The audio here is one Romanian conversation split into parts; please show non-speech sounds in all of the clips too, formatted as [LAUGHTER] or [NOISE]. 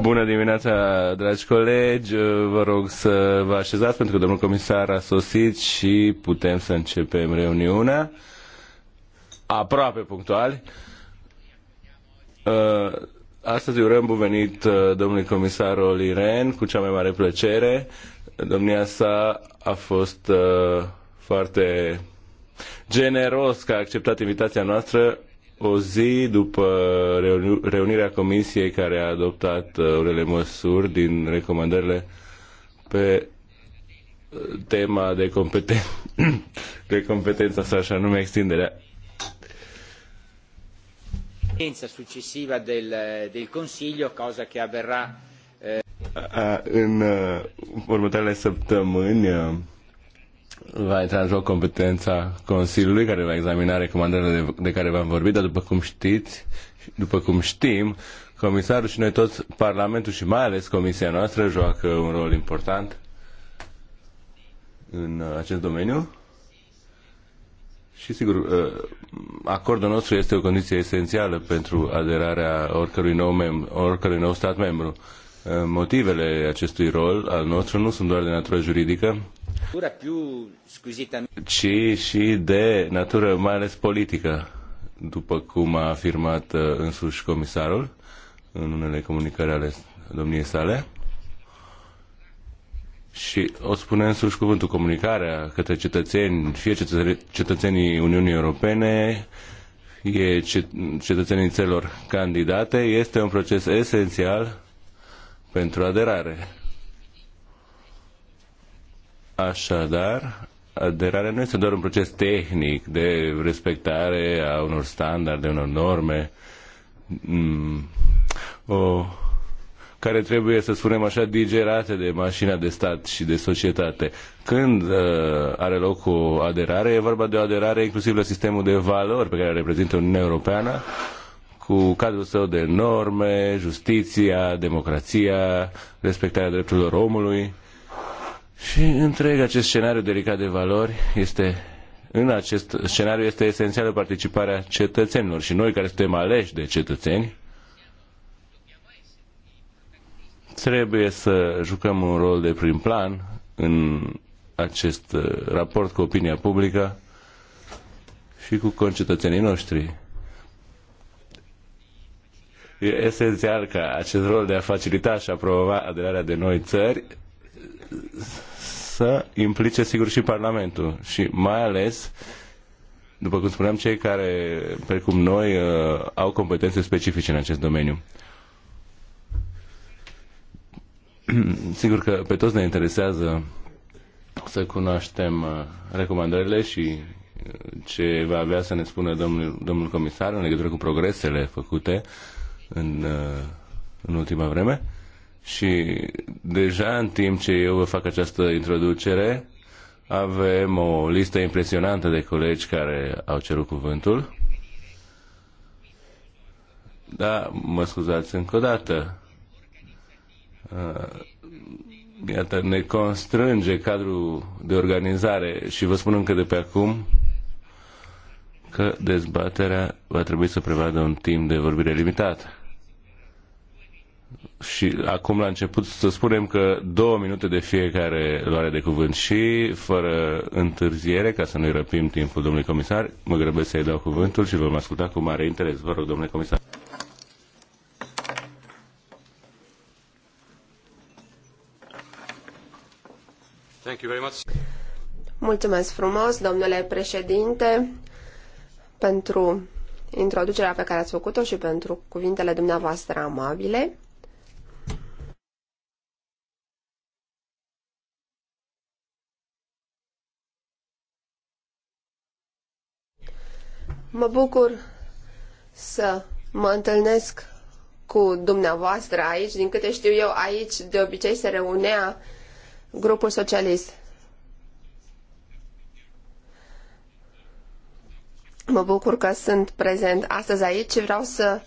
Bună dimineața, dragi colegi. Vă rog să vă așezați pentru că domnul comisar a sosit și putem să începem reuniunea. Aproape punctuali. Uh, astăzi urăm bun venit uh, domnului comisar Oliren cu cea mai mare plăcere. Domnia sa a fost uh, foarte generos că a acceptat invitația noastră o zi după reunirea comisiei care a adoptat uh, unele măsuri din recomandările pe uh, tema de, competen [COUGHS] de competența sa, așa nume extinderea succesiva successiva del, uh, del Consiglio, cosa che avverrà. Eh... În uh, următoarele săptămâni uh, va intra în joc competența Consiliului care va examina recomandările de, de care v-am vorbit, dar după cum știți, după cum știm, comisarul și noi toți, Parlamentul și mai ales Comisia noastră joacă un rol important în acest domeniu. Și sigur, ă, acordul nostru este o condiție esențială pentru aderarea oricărui nou, mem- oricărui nou stat membru motivele acestui rol al nostru nu sunt doar de natură juridică, ci și de natură mai ales politică, după cum a afirmat uh, însuși comisarul în unele comunicări ale domniei sale. Și o spune însuși cuvântul comunicarea către cetățeni, fie cetățenii Uniunii Europene, fie cetățenii țelor candidate, este un proces esențial pentru aderare. Așadar, aderarea nu este doar un proces tehnic de respectare a unor standarde, unor norme, mm, o, care trebuie, să spunem așa, digerate de mașina de stat și de societate. Când uh, are loc o aderare, e vorba de o aderare inclusiv la sistemul de valori pe care reprezintă Uniunea Europeană, uh, cu cadrul său de norme, justiția, democrația, respectarea drepturilor omului. Și întreg acest scenariu delicat de valori este în acest scenariu este esențială participarea cetățenilor și noi care suntem aleși de cetățeni trebuie să jucăm un rol de prim plan în acest uh, raport cu opinia publică și cu concetățenii noștri. E esențial ca acest rol de a facilita și a promova aderarea de noi țări să implice sigur și Parlamentul și mai ales după cum spuneam, cei care, precum noi, uh, au competențe specifice în acest domeniu. [CLEARS THROAT] Sigur că pe toți ne interesează să cunoaștem uh, recomandările și uh, ce va avea să ne spună domnul, domnul comisar în legătură cu progresele făcute uh, în, uh, în ultima vreme. Și deja în timp ce eu vă fac această introducere, avem o listă impresionantă de colegi care au cerut cuvântul. Da, mă scuzați încă o dată. Uh, iată, ne constrânge cadrul de organizare și vă spun încă de pe acum că dezbaterea va trebui să prevadă un timp de vorbire limitat și acum la început să spunem că două minute de fiecare luare de cuvânt și fără întârziere, ca să nu-i răpim timpul domnului comisar, mă grăbesc să-i dau cuvântul și vom asculta cu mare interes. Vă rog, domnule comisar. Thank you very much. Mulțumesc frumos, domnule președinte, pentru introducerea pe care ați făcut-o și pentru cuvintele dumneavoastră amabile. Mă bucur să mă întâlnesc cu dumneavoastră aici. Din câte știu eu, aici de obicei se reunea grupul socialist. Mă bucur că sunt prezent astăzi aici și vreau să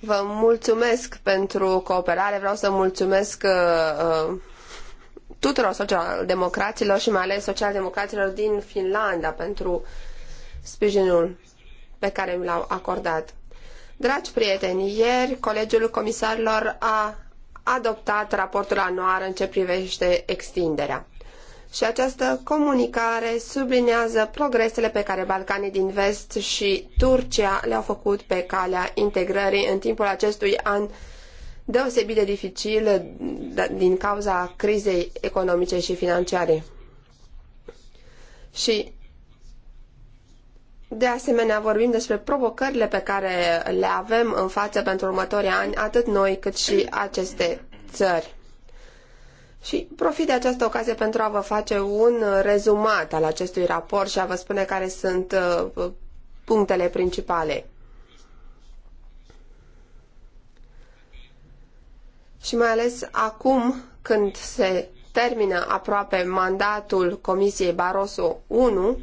vă mulțumesc pentru cooperare, vreau să mulțumesc uh, uh tuturor socialdemocraților și mai ales socialdemocraților din Finlanda pentru sprijinul pe care mi l-au acordat. Dragi prieteni, ieri Colegiul Comisarilor a adoptat raportul anual în ce privește extinderea. Și această comunicare sublinează progresele pe care Balcanii din Vest și Turcia le-au făcut pe calea integrării în timpul acestui an deosebit de dificil da, din cauza crizei economice și financiare. Și de asemenea, vorbim despre provocările pe care le avem în față pentru următorii ani, atât noi cât și aceste țări. Și profit de această ocazie pentru a vă face un rezumat al acestui raport și a vă spune care sunt uh, punctele principale. Și mai ales acum când se termină aproape mandatul Comisiei Barroso 1,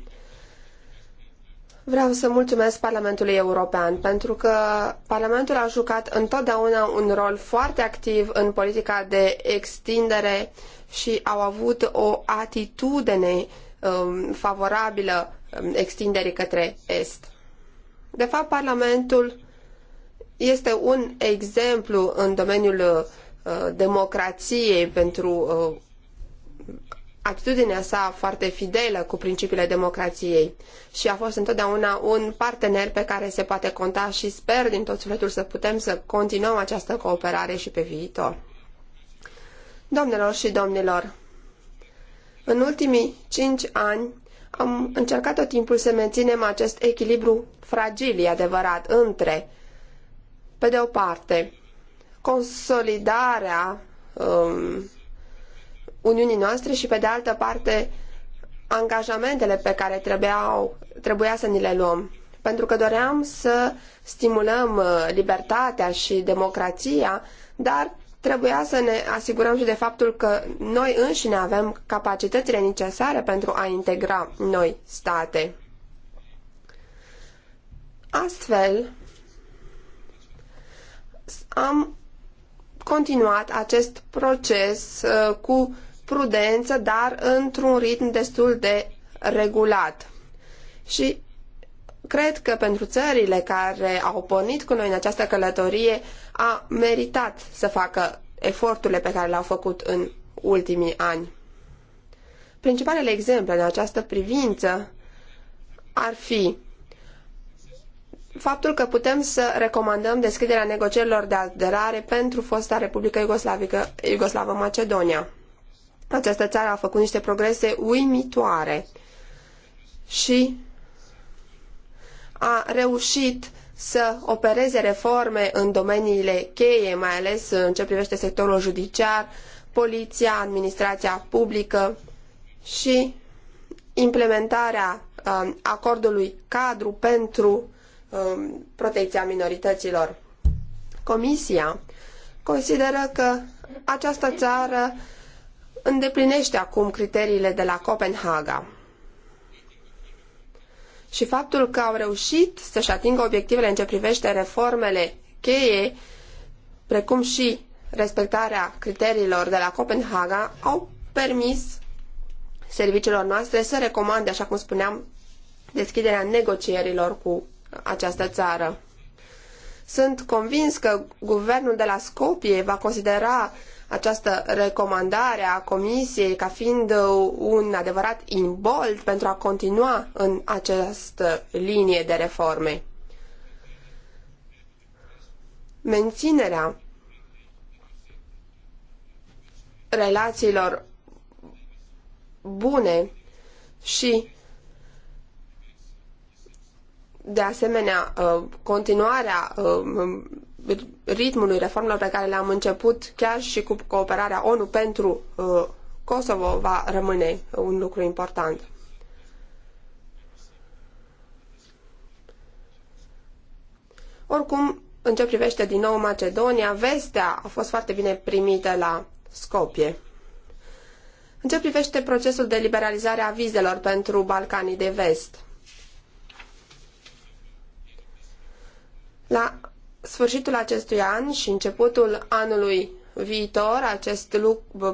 Vreau să mulțumesc Parlamentului European pentru că Parlamentul a jucat întotdeauna un rol foarte activ în politica de extindere și au avut o atitudine um, favorabilă um, extinderii către Est. De fapt, Parlamentul este un exemplu în domeniul uh, democrației pentru uh, atitudinea sa foarte fidelă cu principiile democrației și a fost întotdeauna un partener pe care se poate conta și sper din tot sufletul să putem să continuăm această cooperare și pe viitor. Domnilor și domnilor, în ultimii cinci ani am încercat tot timpul să menținem acest echilibru fragil, e adevărat, între, pe de o parte, consolidarea um, Uniunii noastre și, pe de altă parte, angajamentele pe care trebuiau, trebuia să ni le luăm. Pentru că doream să stimulăm uh, libertatea și democrația, dar trebuia să ne asigurăm și de faptul că noi înșine avem capacitățile necesare pentru a integra noi state. Astfel, am continuat acest proces uh, cu prudență, dar într-un ritm destul de regulat. Și cred că pentru țările care au pornit cu noi în această călătorie a meritat să facă eforturile pe care le-au făcut în ultimii ani. Principalele exemple în această privință ar fi faptul că putem să recomandăm deschiderea negocierilor de aderare pentru fosta Republică Iugoslavică, Iugoslavă Macedonia. Această țară a făcut niște progrese uimitoare și a reușit să opereze reforme în domeniile cheie, mai ales în ce privește sectorul judiciar, poliția, administrația publică și implementarea um, acordului cadru pentru um, protecția minorităților. Comisia consideră că această țară îndeplinește acum criteriile de la Copenhaga. Și faptul că au reușit să-și atingă obiectivele în ce privește reformele cheie, precum și respectarea criteriilor de la Copenhaga, au permis serviciilor noastre să recomande, așa cum spuneam, deschiderea negocierilor cu această țară. Sunt convins că guvernul de la Scopie va considera această recomandare a Comisiei ca fiind uh, un adevărat imbold pentru a continua în această linie de reforme. Menținerea relațiilor bune și de asemenea uh, continuarea uh, ritmului reformelor pe care le-am început chiar și cu cooperarea ONU pentru uh, Kosovo va rămâne un lucru important. Oricum, în ce privește din nou Macedonia, vestea a fost foarte bine primită la Scopie. În ce privește procesul de liberalizare a vizelor pentru Balcanii de Vest? La sfârșitul acestui an și începutul anului viitor, acest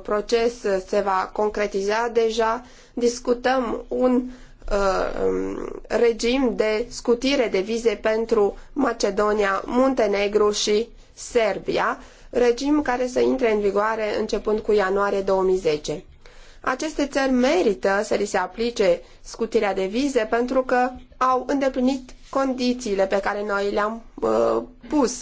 proces se va concretiza deja, discutăm un uh, um, regim de scutire de vize pentru Macedonia, Muntenegru și Serbia, regim care să intre în vigoare începând cu ianuarie 2010. Aceste țări merită să li se aplice scutirea de vize pentru că au îndeplinit condițiile pe care noi le-am uh, pus.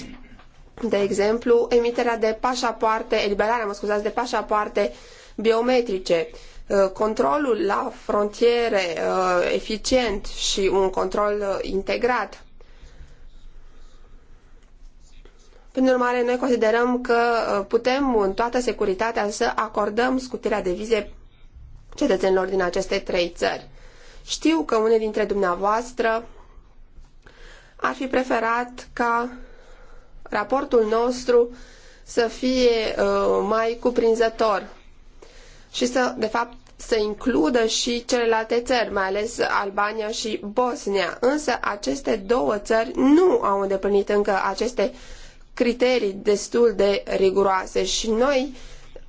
De exemplu, emiterea de pașapoarte, eliberarea, mă scuzați, de pașapoarte biometrice, uh, controlul la frontiere uh, eficient și un control uh, integrat. Prin urmare, noi considerăm că putem în toată securitatea să acordăm scutirea de vize cetățenilor din aceste trei țări. Știu că unii dintre dumneavoastră ar fi preferat ca raportul nostru să fie uh, mai cuprinzător și să, de fapt, să includă și celelalte țări, mai ales Albania și Bosnia. Însă aceste două țări nu au îndeplinit încă aceste criterii destul de riguroase și noi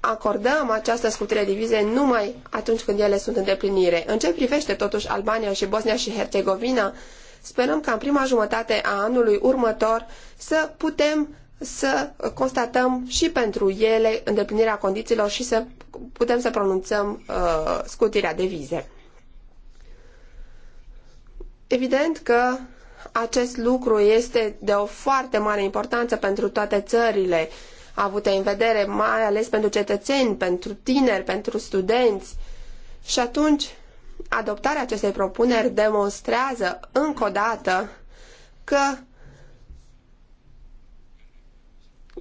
acordăm această scutire de vize numai atunci când ele sunt în deplinire. În ce privește totuși Albania și Bosnia și Herțegovina, sperăm ca în prima jumătate a anului următor să putem să constatăm și pentru ele îndeplinirea condițiilor și să putem să pronunțăm uh, scutirea de vize. Evident că acest lucru este de o foarte mare importanță pentru toate țările uh, avute în vedere, mai ales pentru cetățeni, pentru tineri, pentru studenți. Și atunci, adoptarea acestei propuneri demonstrează încă o dată că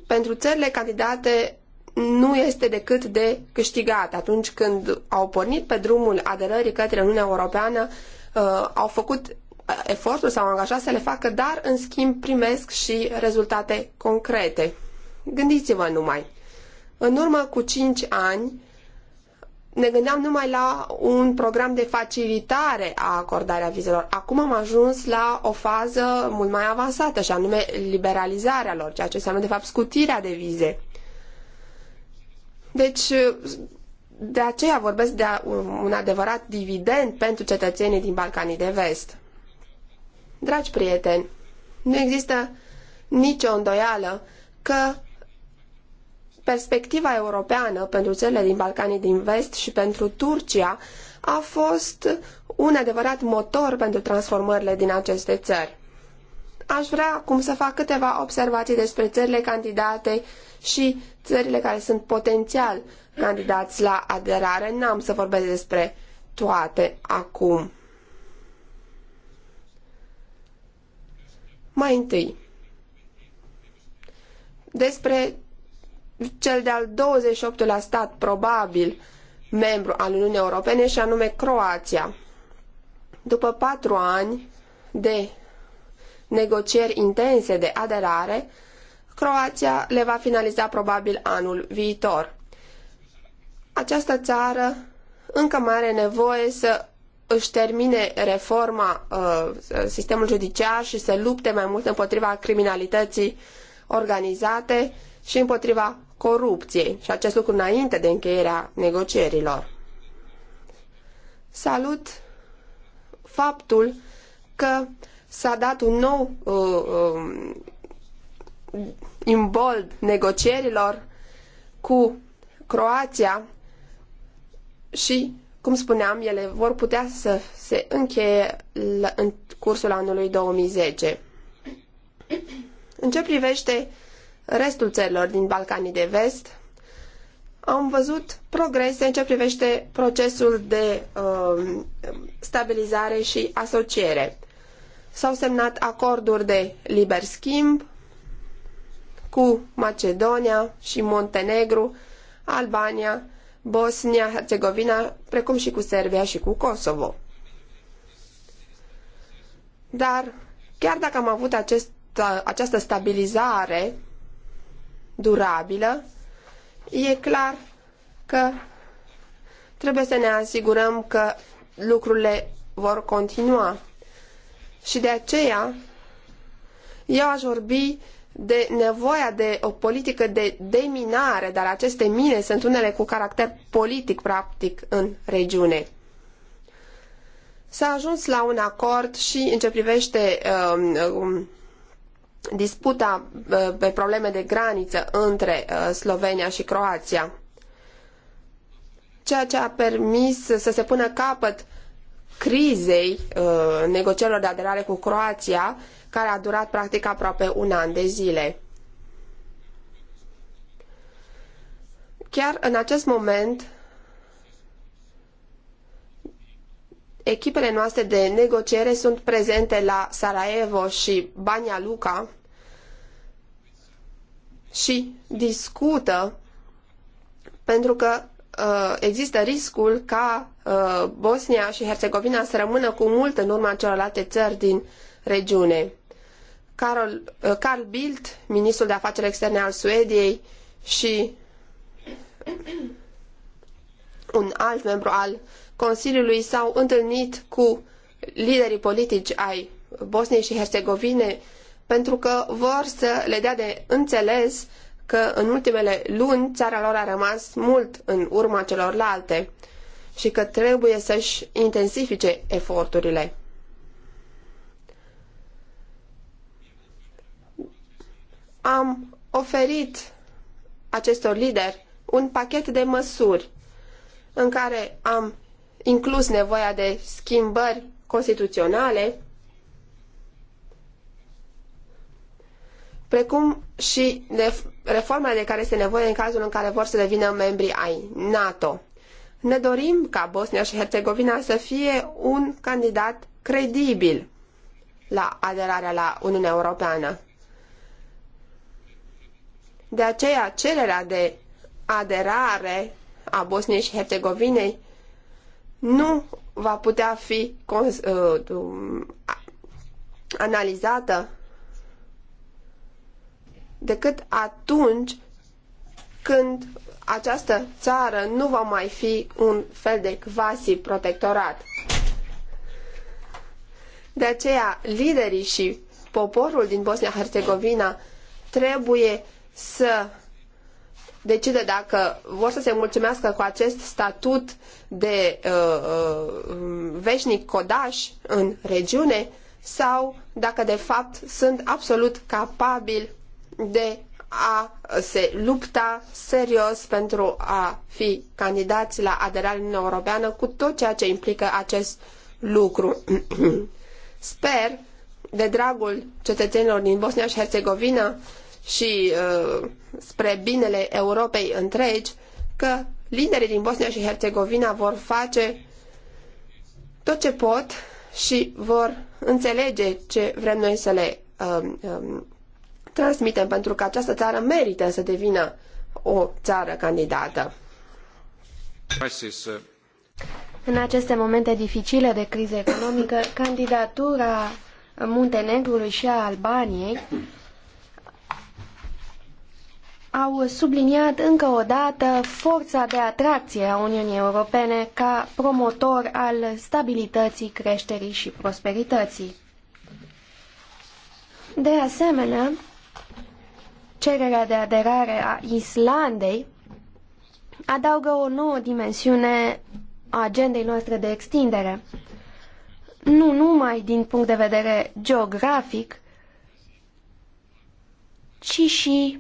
pentru țările candidate nu este decât de câștigat. Atunci când au pornit pe drumul aderării către Uniunea Europeană, uh, au făcut uh, efortul, s-au angajat să le facă, dar în schimb primesc și rezultate concrete. Gândiți-vă numai. În urmă cu 5 ani ne gândeam numai la un program de facilitare a acordarea vizelor. Acum am ajuns la o fază mult mai avansată și anume liberalizarea lor, ceea ce înseamnă de fapt scutirea de vize. Deci, de aceea vorbesc de un adevărat dividend pentru cetățenii din Balcanii de Vest. Dragi prieteni, nu există nicio îndoială că perspectiva europeană pentru țările din Balcanii din Vest și pentru Turcia a fost un adevărat motor pentru transformările din aceste țări. Aș vrea acum să fac câteva observații despre țările candidate și țările care sunt potențial candidați la aderare. N-am să vorbesc despre toate acum. Mai întâi, despre cel de-al 28-lea stat probabil membru al Uniunii Europene și anume Croația. După patru ani de negocieri intense de aderare, Croația le va finaliza probabil anul viitor. Această țară încă mai are nevoie să își termine reforma sistemului uh, sistemul judiciar și să lupte mai mult împotriva criminalității organizate și împotriva corupției și acest lucru înainte de încheierea negocierilor. Salut faptul că s-a dat un nou uh, um, imbold negocierilor cu Croația și, cum spuneam, ele vor putea să se încheie în cursul anului 2010. În ce privește restul țărilor din Balcanii de Vest, am văzut progrese în ce privește procesul de uh, stabilizare și asociere. S-au semnat acorduri de liber schimb cu Macedonia și Montenegru, Albania, Bosnia, Herțegovina, precum și cu Serbia și cu Kosovo. Dar, chiar dacă am avut acest, această stabilizare durabilă, e clar că trebuie să ne asigurăm că lucrurile vor continua. Și de aceea eu aș vorbi de nevoia de o politică de deminare, dar aceste mine sunt unele cu caracter politic, practic, în regiune. S-a ajuns la un acord și în ce privește uh, uh, disputa uh, pe probleme de graniță între uh, Slovenia și Croația, ceea ce a permis să se pună capăt crizei uh, negocierilor de aderare cu Croația, care a durat practic aproape un an de zile. Chiar în acest moment, echipele noastre de negociere sunt prezente la Sarajevo și Banja Luka și discută pentru că uh, există riscul ca uh, Bosnia și Herțegovina să rămână cu mult în urma celorlalte țări din regiune. Carol, uh, Carl Bildt, ministrul de afaceri externe al Suediei și un alt membru al Consiliului s-au întâlnit cu liderii politici ai Bosniei și Herțegovine pentru că vor să le dea de înțeles că în ultimele luni țara lor a rămas mult în urma celorlalte și că trebuie să-și intensifice eforturile. Am oferit acestor lideri un pachet de măsuri în care am inclus nevoia de schimbări constituționale, precum și de reformele de care este nevoie în cazul în care vor să devină membri ai NATO. Ne dorim ca Bosnia și Herțegovina să fie un candidat credibil la aderarea la Uniunea Europeană. De aceea, cererea de aderare a Bosniei și Herțegovinei nu va putea fi uh, um, analizată decât atunci când această țară nu va mai fi un fel de quasi protectorat. De aceea, liderii și poporul din Bosnia-Herzegovina trebuie să decide dacă vor să se mulțumească cu acest statut de uh, uh, veșnic codaș în regiune sau dacă de fapt sunt absolut capabili de a se lupta serios pentru a fi candidați la aderarea în Europeană cu tot ceea ce implică acest lucru. [CLEARS THROAT] Sper, de dragul cetățenilor din Bosnia și Herțegovina, și uh, spre binele Europei întregi că liderii din Bosnia și Herțegovina vor face tot ce pot și vor înțelege ce vrem noi să le um, um, transmitem, pentru că această țară merită să devină o țară candidată. În aceste momente dificile de criză economică, candidatura Muntenegrului și a Albaniei au subliniat încă o dată forța de atracție a Uniunii Europene ca promotor al stabilității, creșterii și prosperității. De asemenea, cererea de aderare a Islandei adaugă o nouă dimensiune a agendei noastre de extindere, nu numai din punct de vedere geografic, ci și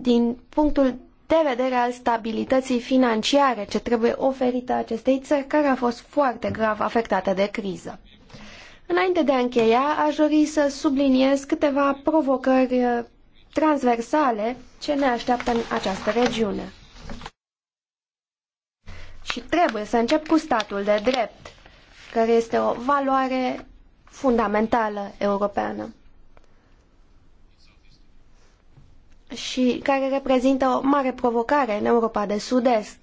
din punctul de vedere al stabilității financiare ce trebuie oferită acestei țări care a fost foarte grav afectată de criză. Înainte de a încheia, aș dori să subliniez câteva provocări uh, transversale ce ne așteaptă în această regiune. Și trebuie să încep cu statul de drept, care este o valoare fundamentală europeană. și care reprezintă o mare provocare în Europa de Sud-Est,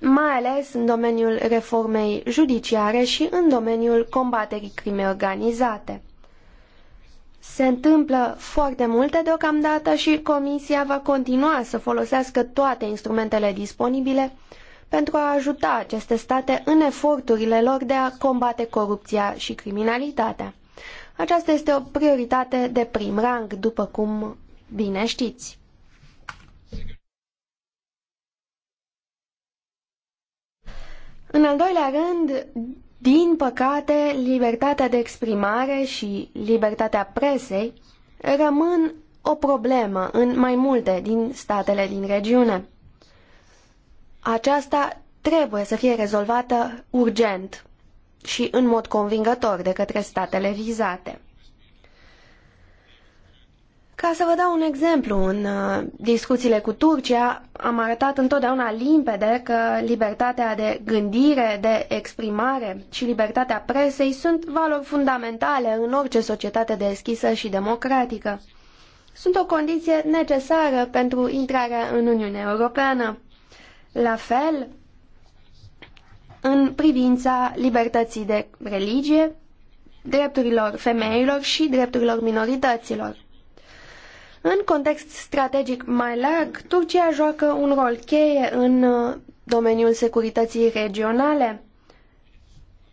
mai ales în domeniul reformei judiciare și în domeniul combaterii crimei organizate. Se întâmplă foarte multe deocamdată și Comisia va continua să folosească toate instrumentele disponibile pentru a ajuta aceste state în eforturile lor de a combate corupția și criminalitatea. Aceasta este o prioritate de prim rang, după cum bine știți. În al doilea rând, din păcate, libertatea de exprimare și libertatea presei rămân o problemă în mai multe din statele din regiune. Aceasta trebuie să fie rezolvată urgent și în mod convingător de către statele vizate. Ca să vă dau un exemplu, în uh, discuțiile cu Turcia am arătat întotdeauna limpede că libertatea de gândire, de exprimare și libertatea presei sunt valori fundamentale în orice societate deschisă și democratică. Sunt o condiție necesară pentru intrarea în Uniunea Europeană. La fel, în privința libertății de religie, drepturilor femeilor și drepturilor minorităților. În context strategic mai larg, Turcia joacă un rol cheie în uh, domeniul securității regionale,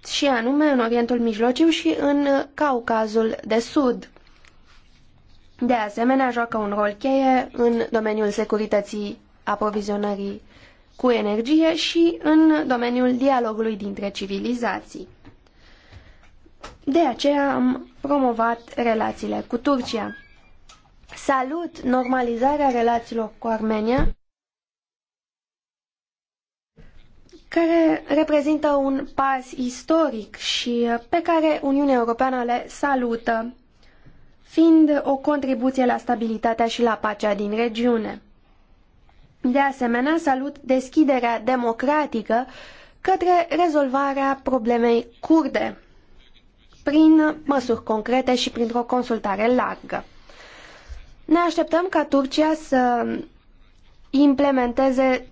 și anume în Orientul Mijlociu și în uh, Caucazul de Sud. De asemenea, joacă un rol cheie în domeniul securității aprovizionării cu energie și în domeniul dialogului dintre civilizații. De aceea am promovat relațiile cu Turcia. Salut normalizarea relațiilor cu Armenia, care reprezintă un pas istoric și pe care Uniunea Europeană le salută, fiind o contribuție la stabilitatea și la pacea din regiune. De asemenea, salut deschiderea democratică către rezolvarea problemei curde prin măsuri concrete și printr-o consultare largă. Ne așteptăm ca Turcia să implementeze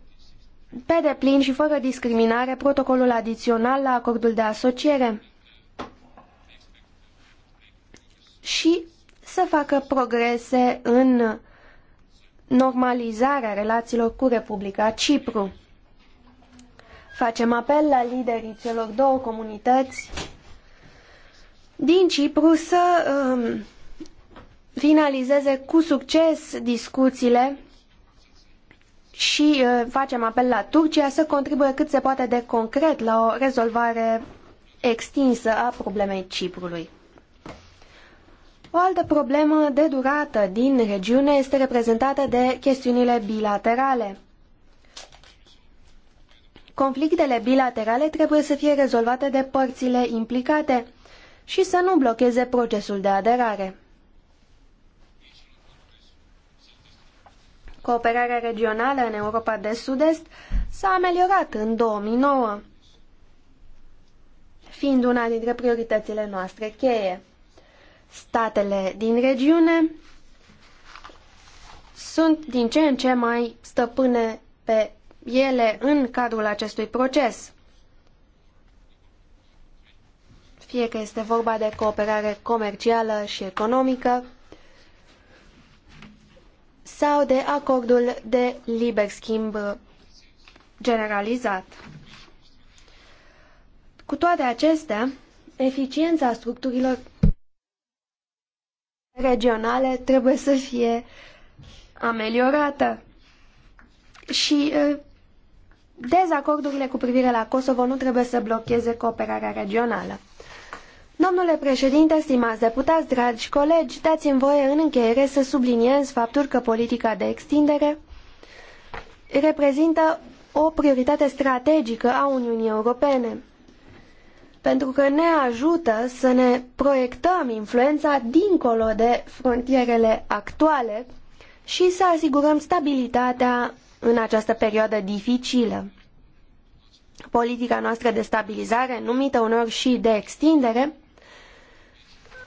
pe deplin și fără discriminare protocolul adițional la acordul de asociere și să facă progrese în normalizarea relațiilor cu Republica Cipru. Facem apel la liderii celor două comunități din Cipru să um, finalizeze cu succes discuțiile și uh, facem apel la Turcia să contribuie cât se poate de concret la o rezolvare extinsă a problemei Ciprului. O altă problemă de durată din regiune este reprezentată de chestiunile bilaterale. Conflictele bilaterale trebuie să fie rezolvate de părțile implicate și să nu blocheze procesul de aderare. Cooperarea regională în Europa de Sud-Est s-a ameliorat în 2009, fiind una dintre prioritățile noastre cheie statele din regiune sunt din ce în ce mai stăpâne pe ele în cadrul acestui proces. Fie că este vorba de cooperare comercială și economică sau de acordul de liber schimb generalizat. Cu toate acestea, eficiența structurilor regionale trebuie să fie ameliorată. Și dezacordurile cu privire la Kosovo nu trebuie să blocheze cooperarea regională. Domnule președinte, stimați deputați, dragi colegi, dați-mi voie în încheiere să subliniez faptul că politica de extindere reprezintă o prioritate strategică a Uniunii Europene pentru că ne ajută să ne proiectăm influența dincolo de frontierele actuale și să asigurăm stabilitatea în această perioadă dificilă. Politica noastră de stabilizare, numită uneori și de extindere,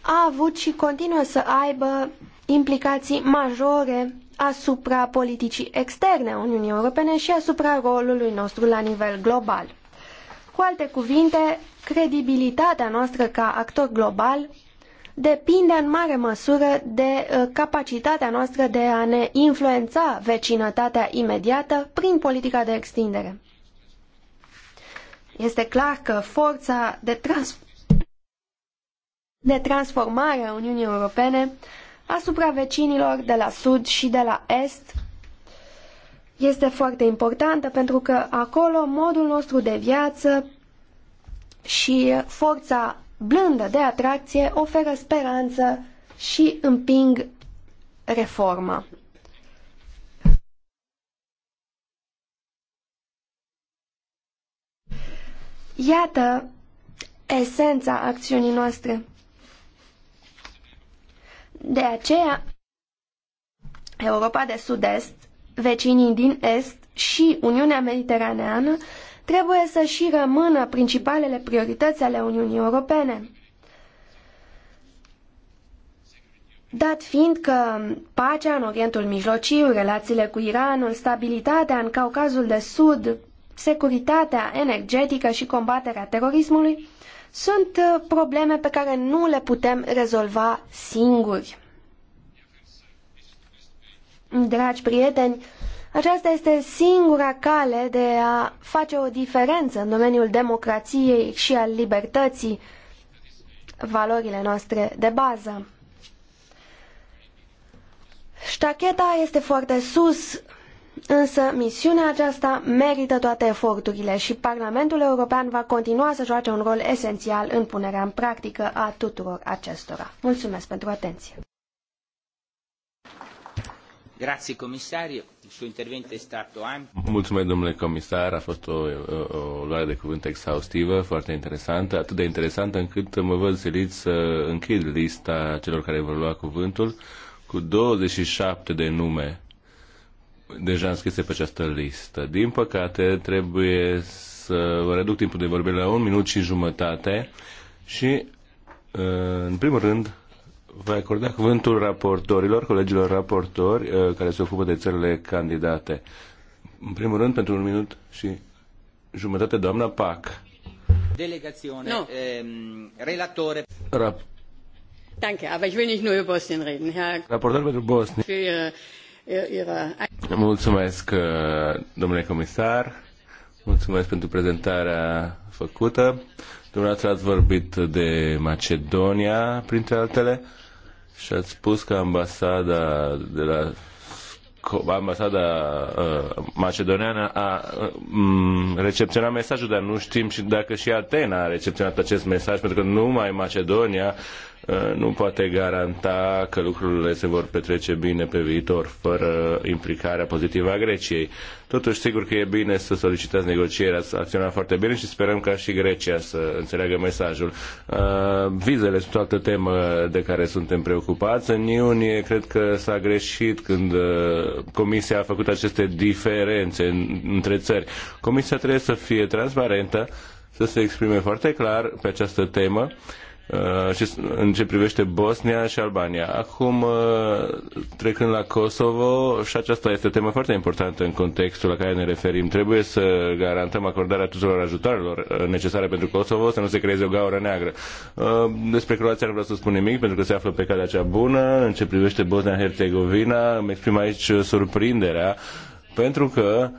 a avut și continuă să aibă implicații majore asupra politicii externe a Uniunii Europene și asupra rolului nostru la nivel global. Cu alte cuvinte, credibilitatea noastră ca actor global depinde în mare măsură de uh, capacitatea noastră de a ne influența vecinătatea imediată prin politica de extindere. Este clar că forța de, trans de transformare a Uniunii Europene asupra vecinilor de la sud și de la est este foarte importantă pentru că acolo modul nostru de viață, și forța blândă de atracție oferă speranță și împing reforma. Iată esența acțiunii noastre. De aceea, Europa de Sud-Est, vecinii din Est și Uniunea Mediteraneană trebuie să și rămână principalele priorități ale Uniunii Europene. Dat fiind că pacea în Orientul Mijlociu, relațiile cu Iranul, stabilitatea în Caucazul de Sud, securitatea energetică și combaterea terorismului sunt uh, probleme pe care nu le putem rezolva singuri. Dragi prieteni, aceasta este singura cale de a face o diferență în domeniul democrației și al libertății, valorile noastre de bază. Ștacheta este foarte sus, însă misiunea aceasta merită toate eforturile și Parlamentul European va continua să joace un rol esențial în punerea în practică a tuturor acestora. Mulțumesc pentru atenție! Grazie comisario, il suo intervento è stato ampio. Mulțumesc domnule comisar, a fost o, o, o luare de cuvânt exhaustivă, foarte interesantă, atât de interesantă încât mă văd silit să închid lista celor care vor lua cuvântul cu 27 de nume deja înscrise pe această listă. Din păcate, trebuie să vă reduc timpul de vorbire la un minut și jumătate și, în primul rând, voi acorda cuvântul raportorilor, colegilor raportori uh, care se ocupă de țările candidate. În primul rând, pentru un minut și jumătate, doamna Pac. Delegațiune, no. eh, relatore. Rap Danke, aber ich will nicht nur über Bosnien reden, Herr. Raportor pentru Bosnia. Mulțumesc, uh, domnule comisar. Mulțumesc pentru prezentarea făcută. Dumneavoastră ați vorbit de Macedonia, printre altele și ați spus că ambasada de la ambasada uh, macedoneană a uh, um, recepționat mesajul, dar nu știm și dacă și Atena a recepționat acest mesaj, pentru că numai Macedonia Eh, nu poate garanta că lucrurile se vor petrece bine pe viitor fără implicarea pozitivă a Greciei. Totuși, sigur că e bine să solicitați negocierea, să acționați foarte bine și sperăm ca și Grecia să înțeleagă mesajul. Eh, vizele sunt o altă temă de care suntem preocupați. În iunie cred că s-a greșit când eh, Comisia a făcut aceste diferențe între țări. Comisia trebuie să fie transparentă, să se exprime foarte clar pe această temă Uh, în ce privește Bosnia și Albania. Acum, uh, trecând la Kosovo, și aceasta este o temă foarte importantă în contextul la care ne referim. Trebuie să garantăm acordarea tuturor ajutoarelor uh, necesare pentru Kosovo, să nu se creeze o gaură neagră. Despre Croația nu vreau să spun nimic, pentru că se află pe calea cea bună. În ce privește Bosnia-Herzegovina, îmi exprim aici surprinderea, pentru că uh,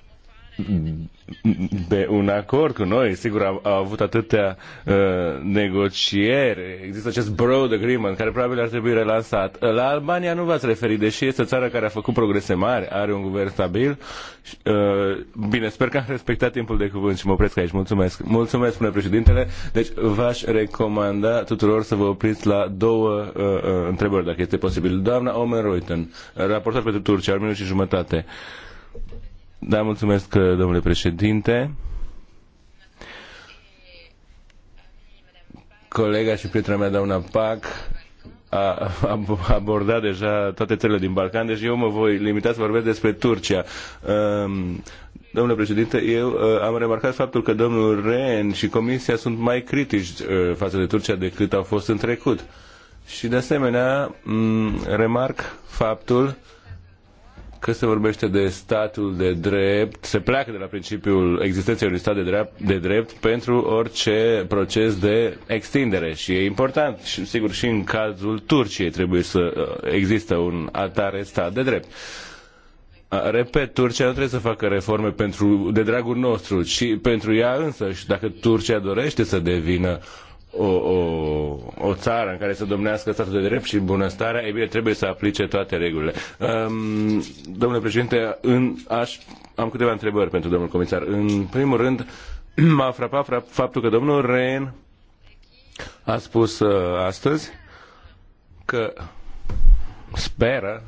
de un acord cu noi. Sigur, au, au avut atâtea uh, negocieri. Există acest broad agreement care probabil ar trebui relansat. La Albania nu v-ați referit, deși este o țară care a făcut progrese mari, are un guvern stabil. Uh, bine, sper că am respectat timpul de cuvânt și mă opresc aici. Mulțumesc. Mulțumesc, spune președintele. Deci v-aș recomanda tuturor să vă opriți la două uh, uh, întrebări, dacă este posibil. Doamna Omen Reuten, raportat pentru Turcia, al minut și jumătate. Uh, da, mulțumesc, uh, domnule președinte. Colega și prietena mea, doamna Pac, a abordat deja toate țările din Balcan, deci eu mă voi limita să vorbesc despre Turcia. Um, domnule președinte, eu uh, am remarcat faptul că domnul Ren și Comisia sunt mai critici uh, față de Turcia decât au fost în trecut. Și de asemenea, remarc faptul că se vorbește de statul de drept, se pleacă de la principiul existenței unui stat de drept, de drept pentru orice proces de extindere și e important și sigur și în cazul Turciei trebuie să uh, există un atare stat de drept. Uh, repet, Turcia nu trebuie să facă reforme pentru, de dragul nostru, ci pentru ea însă. Și dacă Turcia dorește să devină o, o, o țară în care să domnească statul de drept și bunăstarea, e bine, trebuie să aplice toate regulile. Um, domnule președinte, în, aș, am câteva întrebări pentru domnul comisar. În primul rând, [CLEARS THROAT] m-a frapat frap, faptul că domnul Ren a spus uh, astăzi că speră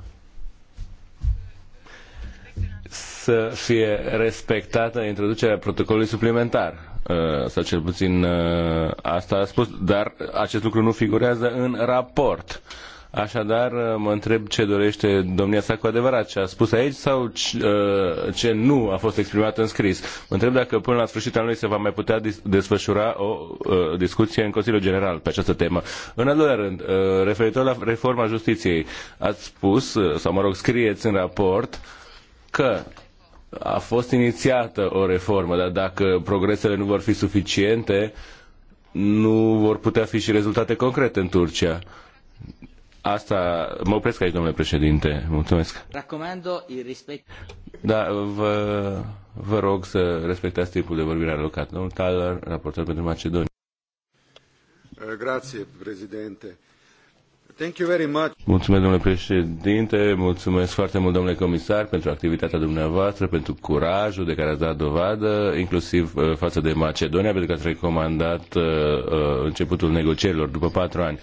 să fie respectată introducerea protocolului suplimentar Uh, sau cel puțin uh, asta a spus, dar acest lucru nu figurează în raport. Așadar, uh, mă întreb ce dorește domnia sa cu adevărat, ce a spus aici sau ce nu a fost exprimat în scris. Mă întreb dacă până la sfârșitul anului se va mai putea desfășura o discuție în Consiliul General pe această temă. În al doilea rând, referitor la reforma justiției, ați spus, sau mă rog, scrieți în raport că a fost inițiată o reformă, dar dacă progresele nu vor fi suficiente, nu vor putea fi și rezultate concrete în Turcia. Asta, mă opresc aici, domnule președinte. Mulțumesc. Recomando il respect. Da, vă, vă rog să respectați timpul de vorbire alocat. Domnul Taler, raportor pentru Macedonia. Eh, grazie, președinte. Mulțumesc, domnule președinte, mulțumesc foarte mult, domnule comisar, pentru activitatea dumneavoastră, pentru curajul de care ați dat dovadă, inclusiv uh, față de Macedonia, pentru că ați recomandat uh, uh, începutul negocierilor după patru ani.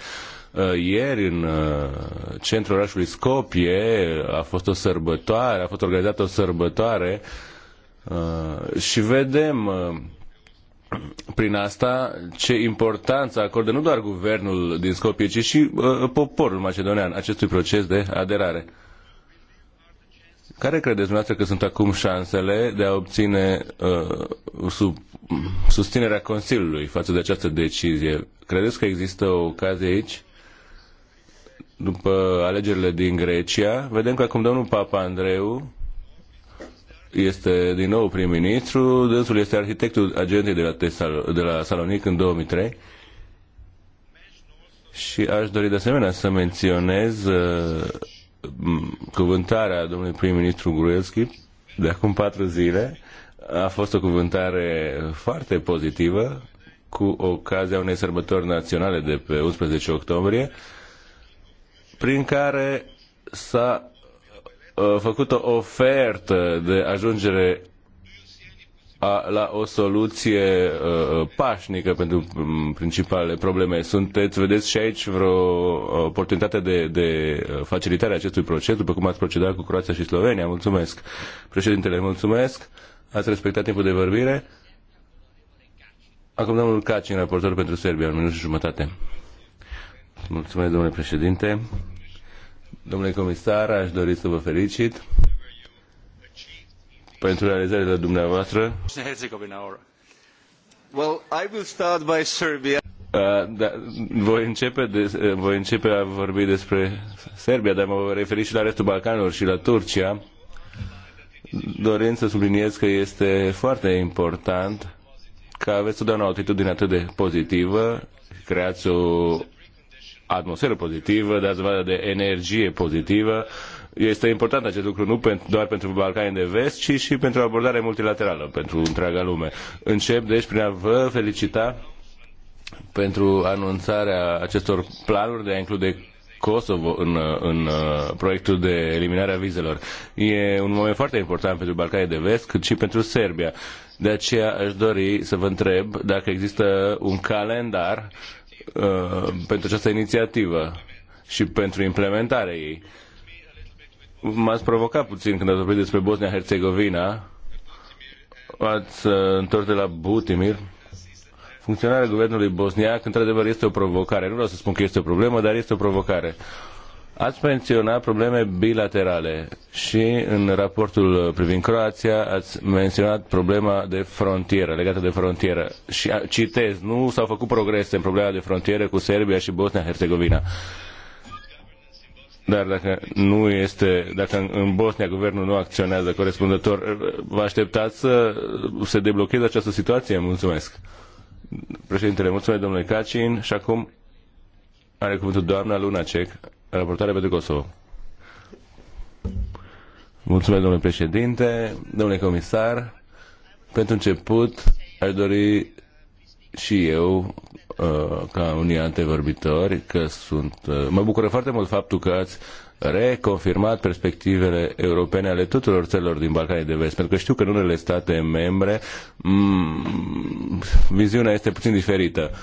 Ieri, în centrul orașului Scopie, a fost o sărbătoare, a fost organizată o sărbătoare și vedem prin asta ce importanță acordă nu doar guvernul din Skopje, ci și uh, poporul macedonean acestui proces de aderare. Care credeți dumneavoastră că sunt acum șansele de a obține uh, sub, susținerea Consiliului față de această decizie? Credeți că există o ocazie aici? După alegerile din Grecia, vedem că acum domnul Papa Andreu este din nou prim-ministru, dânsul este arhitectul agentei de la, Tesal, de la Salonic în 2003 și aș dori de asemenea să menționez uh, cuvântarea domnului prim-ministru Gruevski de acum patru zile. A fost o cuvântare foarte pozitivă cu ocazia unei sărbători naționale de pe 11 octombrie, prin care s-a Uh, făcut o ofertă de ajungere a, la o soluție uh, pașnică pentru mm, principalele probleme. Sunteți, vedeți și aici vreo uh, oportunitate de, de uh, facilitare a acestui proces, după cum ați procedat cu Croația și Slovenia. Mulțumesc. Președintele, mulțumesc. Ați respectat timpul de vorbire. Acum domnul în raportor pentru Serbia, un minut și jumătate. Mulțumesc, domnule președinte. Domnule comisar, aș dori să vă felicit pentru realizările dumneavoastră. Well, I will start by Serbia. Uh, da, voi, începe de, voi începe a vorbi despre Serbia, dar mă voi referi și la restul Balcanilor și la Turcia, dorind să subliniez că este foarte important că aveți o atitudine atât de pozitivă, creați o atmosferă pozitivă, dați vadă de energie pozitivă. Este important acest lucru nu doar pentru Balcanii de Vest, ci și pentru abordare multilaterală, pentru întreaga lume. Încep, deci, prin a vă felicita pentru anunțarea acestor planuri de a include Kosovo în, în uh, proiectul de eliminare a vizelor. E un moment foarte important pentru Balcanii de Vest, cât și pentru Serbia. De aceea aș dori să vă întreb dacă există un calendar uh, Uh, pentru această inițiativă și pentru implementarea ei. M-ați provocat puțin când ați vorbit despre Bosnia-Herzegovina. Ați uh, întors de la Butimir. Funcționarea guvernului bosniac, într-adevăr, este o provocare. Nu vreau să spun că este o problemă, dar este o provocare. Uh, Ați menționat probleme bilaterale și în raportul privind Croația ați menționat problema de frontieră, legată de frontieră. Și citez, nu s-au făcut progrese în problema de frontieră cu Serbia și Bosnia-Herzegovina. Dar dacă nu este, dacă în Bosnia guvernul nu acționează corespunzător, vă așteptați să se deblocheze această situație? Mulțumesc. Președintele, mulțumesc domnule Cacin și acum are cuvântul doamna Cec, raportare pentru Kosovo. Mulțumesc, domnule președinte, domnule comisar. Pentru început, aș dori și eu, uh, ca unii antevorbitori, că sunt... Uh, mă bucură foarte mult faptul că ați reconfirmat perspectivele europene ale tuturor țărilor din Balcanii de Vest, pentru că știu că în unele state membre m- mm, viziunea este puțin diferită. Uh,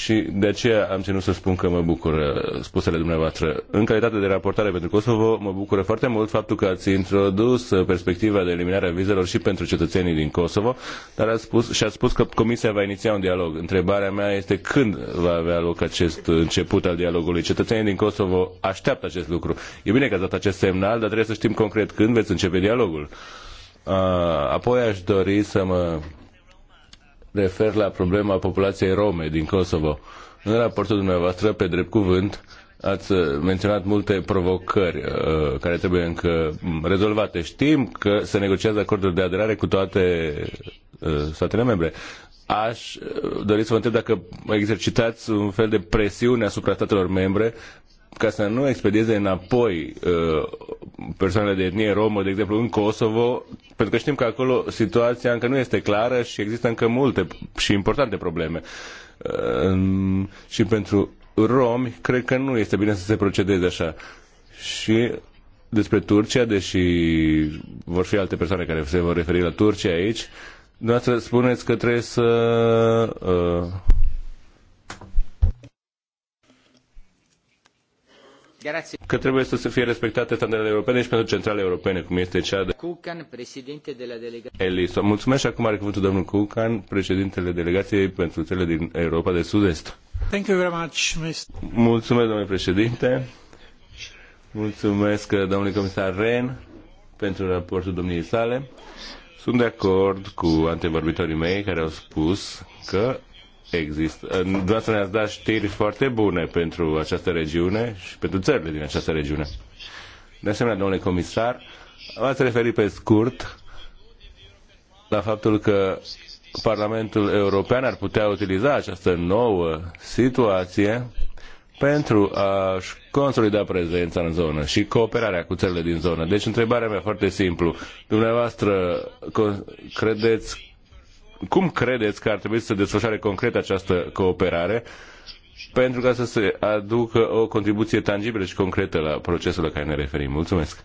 și de aceea am ținut să spun că mă bucură uh, spusele dumneavoastră. În calitate de raportare pentru Kosovo, mă bucură foarte mult faptul că ați introdus uh, perspectiva de eliminare a vizelor și pentru cetățenii din Kosovo, dar ați spus, și ați spus că Comisia va iniția un dialog. Întrebarea mea este când va avea loc acest început al dialogului. Cetățenii din Kosovo așteaptă acest lucru. E bine că ați dat acest semnal, dar trebuie să știm concret când veți începe dialogul. Uh, apoi aș dori să mă refer la problema populației rome din Kosovo. În raportul dumneavoastră, pe drept cuvânt, ați uh, menționat multe provocări uh, care trebuie încă mm, rezolvate. Știm că se negociază acordul de aderare cu toate uh, statele membre. Aș uh, dori să vă întreb dacă exercitați un fel de presiune asupra statelor membre ca să nu expedieze înapoi uh, persoanele de etnie romă, de exemplu, în Kosovo, pentru că știm că acolo situația încă nu este clară și există încă multe și importante probleme. Uh, și pentru romi, cred că nu este bine să se procedeze așa. Și despre Turcia, deși vor fi alte persoane care se vor referi la Turcia aici, dumneavoastră spuneți că trebuie să uh, Că trebuie să se fie respectate standardele europene și pentru centrale europene, cum este cea de... Cucan, președinte de la delegație... Eliso. Mulțumesc și acum are cuvântul domnul Cucan, președintele delegației pentru țările din Europa de Sud-Est. Thank you very much, Mr. Mulțumesc, domnule președinte. Mulțumesc, domnule comisar Ren, pentru raportul domniei sale. Sunt de acord cu antevorbitorii mei care au spus că există. Dumneavoastră ne-ați dat știri foarte bune pentru această regiune și pentru țările din această regiune. De asemenea, domnule comisar, v-ați referit pe scurt la faptul că Parlamentul European ar putea utiliza această nouă situație pentru a consolida prezența în zonă și cooperarea cu țările din zonă. Deci întrebarea mea foarte simplu. Dumneavoastră credeți cum credeți că ar trebui să se desfășoare concret această cooperare pentru ca să se aducă o contribuție tangibilă și concretă la procesul la care ne referim? Mulțumesc.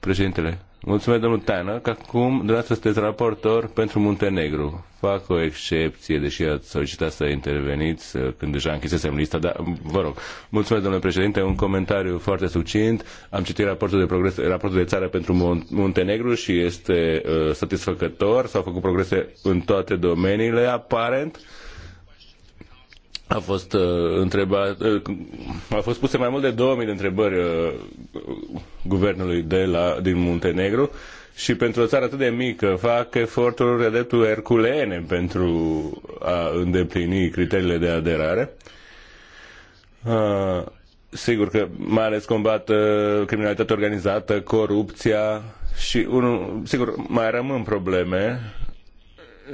Președintele, Mulțumesc, domnul Tană, că acum dumneavoastră sunteți raportor pentru Muntenegru. Fac o excepție, deși ați solicitat să interveniți uh, când deja închisesem lista, dar vă rog. Mulțumesc, domnule președinte, un comentariu foarte succint. Am citit raportul de, progres, raportul de țară pentru Muntenegru și este uh, satisfăcător. S-au făcut progrese în toate domeniile, aparent. Uh, a fost uh, întrebat, uh, a fost puse mai mult de 2000 de întrebări uh, guvernului de la, din Muntenegru și pentru o țară atât de mică fac eforturi de dreptul herculeene pentru a îndeplini criteriile de aderare. Uh, sigur că mai ales combat uh, criminalitatea organizată, corupția și unul, sigur mai rămân probleme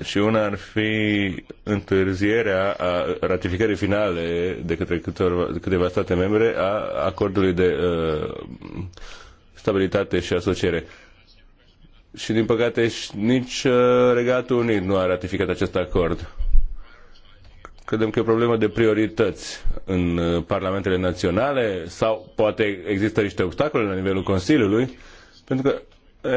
și una ar fi întârzierea a ratificării finale de către câteva, state membre a acordului de uh, stabilitate și asociere. Și din păcate nici uh, Regatul Unit nu a ratificat acest acord. Credem că e o problemă de priorități în uh, parlamentele naționale sau poate există niște obstacole la nivelul Consiliului, pentru că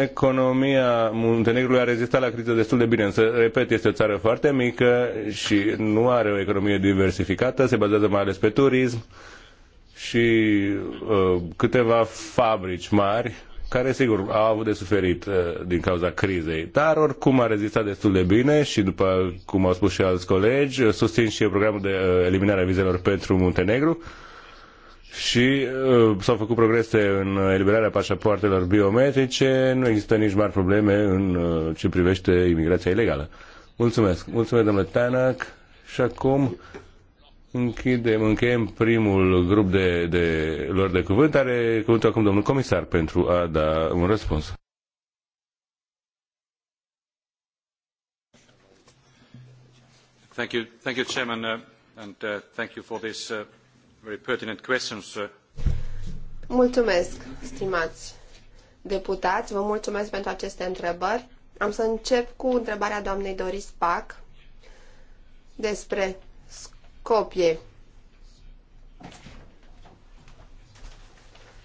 economia Muntenegrului a rezistat la criză destul de bine, însă, repet, este o țară foarte mică și nu are o economie diversificată, se bazează mai ales pe turism și uh, câteva fabrici mari care, sigur, au avut de suferit uh, din cauza crizei, dar oricum a rezistat destul de bine și, după cum au spus și alți colegi, susțin și programul de uh, eliminare a vizelor pentru Muntenegru. Uh, și uh, s-au făcut progrese în eliberarea pașapoartelor biometrice, nu există nici mari probleme în uh, ce privește imigrația ilegală. Mulțumesc. Mulțumesc, domnule Tanac. Și acum închidem, încheiem primul grup de, de lor de cuvânt. Are cuvântul acum domnul comisar pentru a da un răspuns. Thank you, thank you, Chairman, uh, and uh, thank you for this uh, very pertinent questions. Mulțumesc, stimați deputați, vă mulțumesc pentru aceste întrebări. Am să încep cu întrebarea doamnei Doris Pac despre Scopie,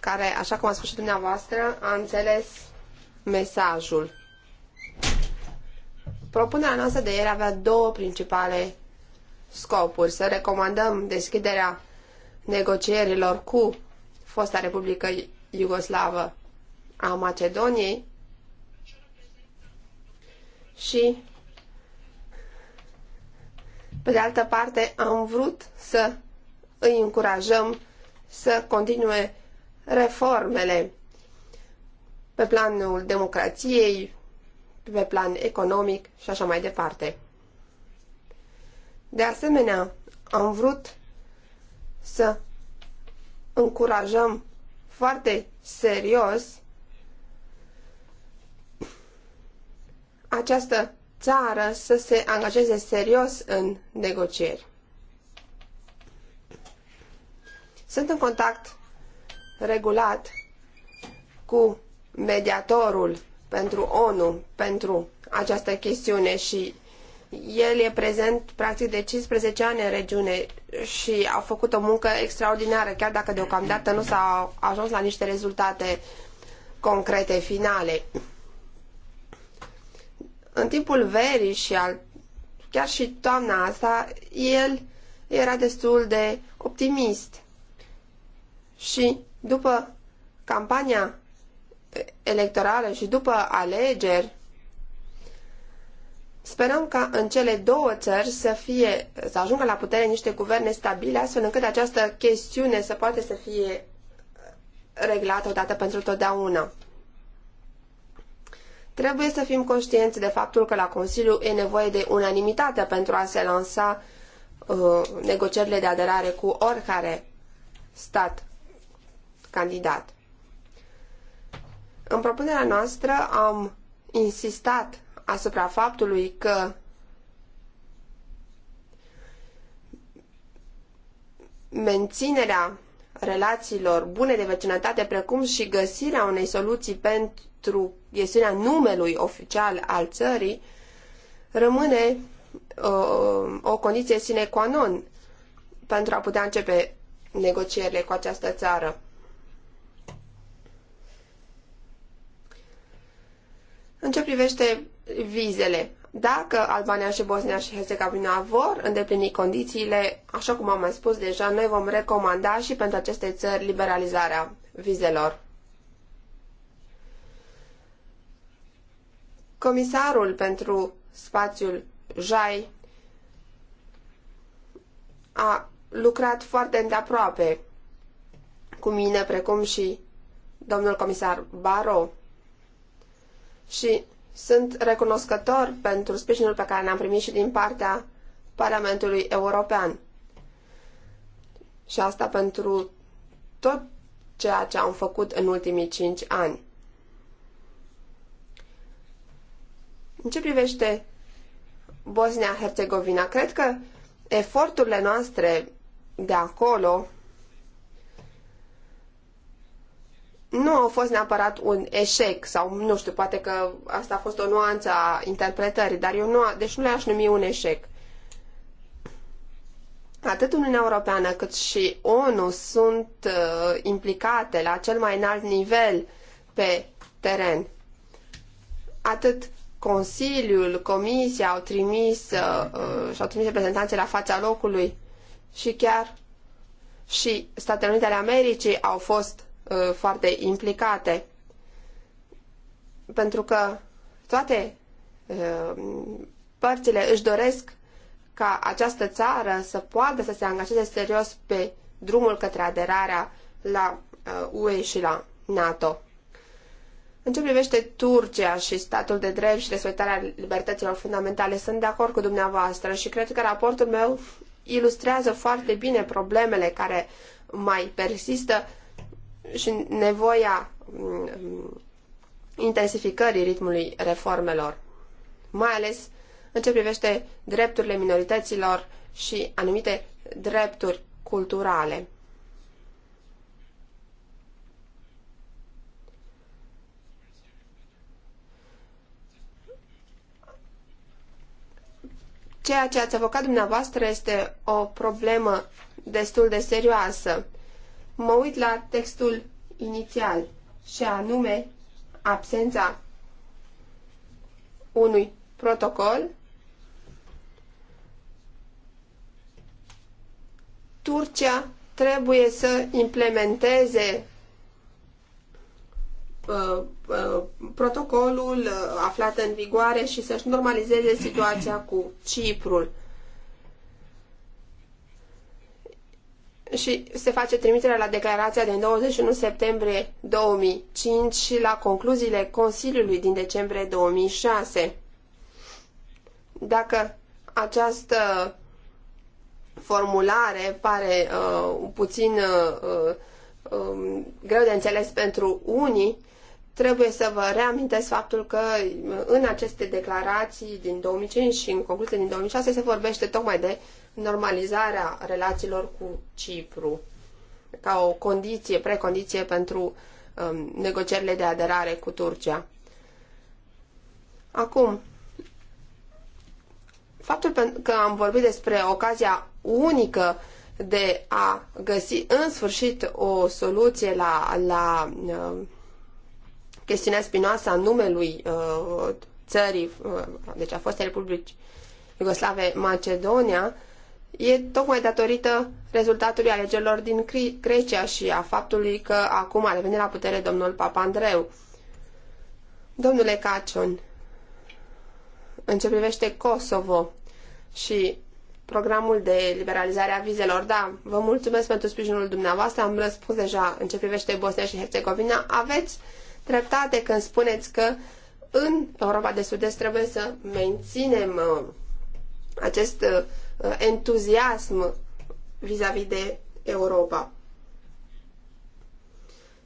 care, așa cum a spus și dumneavoastră, a înțeles mesajul. Propunerea noastră de ieri avea două principale scopuri. Să recomandăm deschiderea negocierilor cu fosta Republică Iugoslavă a Macedoniei și, pe de altă parte, am vrut să îi încurajăm să continue reformele pe planul democrației, pe plan economic și așa mai departe. De asemenea, am vrut să încurajăm foarte serios această țară să se angajeze serios în negocieri. Sunt în contact regulat cu mediatorul pentru ONU pentru această chestiune și el e prezent practic de 15 ani în regiune și au făcut o muncă extraordinară, chiar dacă deocamdată nu s-a ajuns la niște rezultate concrete finale. În timpul verii și al, chiar și toamna asta, el era destul de optimist. Și după campania electorală și după alegeri, Sperăm ca în cele două țări să fie, să ajungă la putere niște guverne stabile, astfel încât această chestiune să poate să fie reglată odată pentru totdeauna. Trebuie să fim conștienți de faptul că la Consiliu e nevoie de unanimitate pentru a se lansa uh, negocierile de aderare cu oricare stat candidat. În propunerea noastră am insistat asupra faptului că menținerea relațiilor bune de vecinătate, precum și găsirea unei soluții pentru chestiunea numelui oficial al țării, rămâne uh, o condiție sine qua non pentru a putea începe negocierile cu această țară. În ce privește vizele. Dacă Albania și Bosnia și Herzegovina vor îndeplini condițiile, așa cum am mai spus deja, noi vom recomanda și pentru aceste țări liberalizarea vizelor. Comisarul pentru spațiul JAI a lucrat foarte îndeaproape cu mine, precum și domnul comisar Baro. Și sunt recunoscător pentru sprijinul pe care l-am primit și din partea Parlamentului European. Și asta pentru tot ceea ce am făcut în ultimii cinci ani. În ce privește Bosnia-Herzegovina, cred că eforturile noastre de acolo nu a fost neapărat un eșec sau nu știu, poate că asta a fost o nuanță a interpretării, dar eu nu, deci nu le-aș numi un eșec. Atât Uniunea Europeană cât și ONU sunt uh, implicate la cel mai înalt nivel pe teren. Atât Consiliul, Comisia au trimis uh, uh și-au trimis reprezentanții la fața locului și chiar și Statele Unite ale Americii au fost Uh, foarte implicate. Pentru că toate uh, părțile își doresc ca această țară să poată să se angajeze serios pe drumul către aderarea la UE uh, și la NATO. În ce privește Turcia și statul de drept și respectarea libertăților fundamentale, sunt de acord cu dumneavoastră și cred că raportul meu ilustrează foarte bine problemele care mai persistă și nevoia mm, intensificării ritmului reformelor, mai ales în ce privește drepturile minorităților și anumite drepturi culturale. Ceea ce ați avocat dumneavoastră este o problemă destul de serioasă mă uit la textul inițial și anume absența unui protocol, Turcia trebuie să implementeze uh, uh, protocolul uh, aflat în vigoare și să-și normalizeze situația cu Ciprul. și se face trimiterea la declarația din 21 septembrie 2005 și la concluziile Consiliului din decembrie 2006. Dacă această formulare pare uh, puțin uh, uh, um, greu de înțeles pentru unii, trebuie să vă reamintesc faptul că uh, în aceste declarații din 2005 și în concluzie din 2006 se vorbește tocmai de normalizarea relațiilor cu Cipru ca o condiție, precondiție pentru um, negocierile de aderare cu Turcia. Acum, faptul că am vorbit despre ocazia unică de a găsi în sfârșit o soluție la, la uh, chestiunea spinoasă a numelui uh, țării, uh, deci a fostei Republici Iugoslave Macedonia, e tocmai datorită rezultatului alegerilor din Grecia și a faptului că acum a revenit la putere domnul Papandreu. Domnule Cacion, în ce privește Kosovo și programul de liberalizare a vizelor, da, vă mulțumesc pentru sprijinul dumneavoastră, am răspuns deja în ce privește Bosnia și Herțegovina, aveți dreptate când spuneți că în Europa de Sud-Est trebuie să menținem uh, acest uh, Uh, entuziasm vis-a-vis -vis de Europa.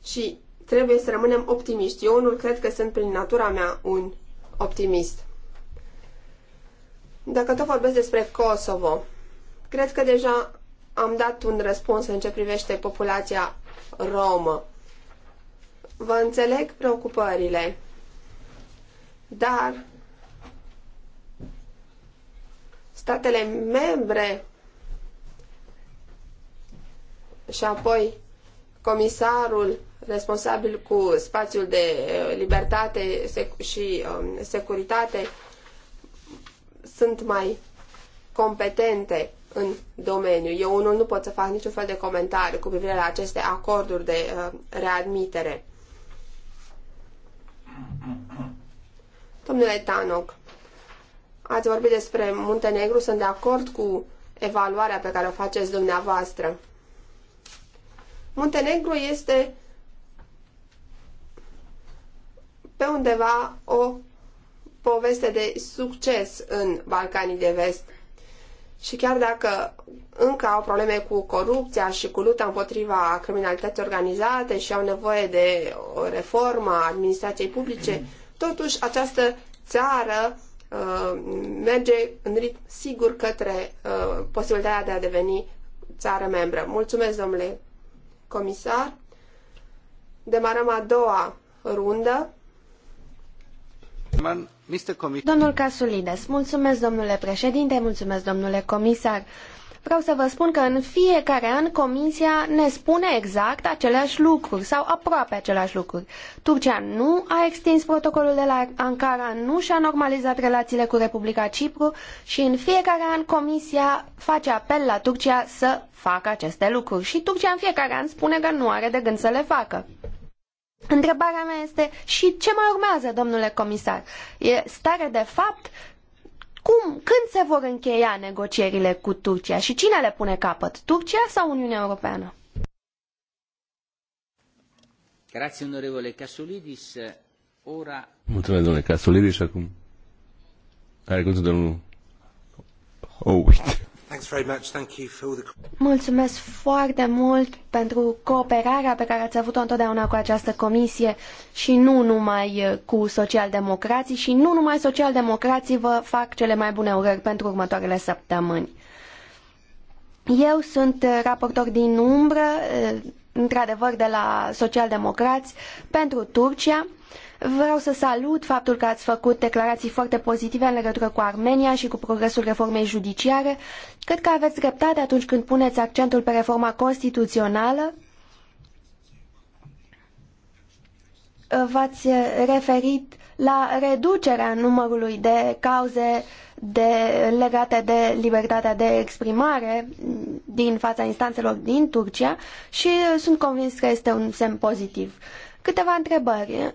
Și trebuie să rămânem optimiști. Eu unul cred că sunt prin natura mea un optimist. Dacă tot vorbesc despre Kosovo, cred că deja am dat un răspuns în ce privește populația romă. Vă înțeleg preocupările, dar statele membre și apoi comisarul responsabil cu spațiul de uh, libertate și um, securitate sunt mai competente în domeniu. Eu unul nu pot să fac niciun fel de comentariu cu privire la aceste acorduri de uh, readmitere. Domnule Tanoc, Ați vorbit despre Muntenegru, sunt de acord cu evaluarea pe care o faceți dumneavoastră. Muntenegru este pe undeva o poveste de succes în Balcanii de Vest. Și chiar dacă încă au probleme cu corupția și cu lupta împotriva criminalității organizate și au nevoie de o reformă a administrației publice, totuși această țară Uh, merge în ritm sigur către uh, posibilitatea de a deveni țară membră. Mulțumesc, domnule comisar. Demarăm a doua rundă. Domnul Casulides, mulțumesc, domnule președinte, mulțumesc, domnule comisar. Vreau să vă spun că în fiecare an Comisia ne spune exact aceleași lucruri sau aproape aceleași lucruri. Turcia nu a extins protocolul de la Ankara, nu și-a normalizat relațiile cu Republica Cipru și în fiecare an Comisia face apel la Turcia să facă aceste lucruri și Turcia în fiecare an spune că nu are de gând să le facă. Întrebarea mea este și ce mai urmează, domnule comisar? E stare de fapt cum, când se vor încheia negocierile cu Turcia și cine le pune capăt, Turcia sau Uniunea Europeană? Grazie, onorevole Casolidis. Ora... Mulțumesc, domnule Casolidis, acum are cuvântul domnul uite. Mulțumesc foarte mult pentru cooperarea pe care ați avut-o întotdeauna cu această comisie și nu numai cu socialdemocrații și nu numai socialdemocrații vă fac cele mai bune urări pentru următoarele săptămâni. Eu sunt raportor din umbră, într-adevăr de la socialdemocrați, pentru Turcia Vreau să salut faptul că ați făcut declarații foarte pozitive în legătură cu Armenia și cu progresul reformei judiciare. Cred că aveți dreptate atunci când puneți accentul pe reforma constituțională. V-ați referit la reducerea numărului de cauze de, legate de libertatea de exprimare din fața instanțelor din Turcia și sunt convins că este un semn pozitiv. Câteva întrebări.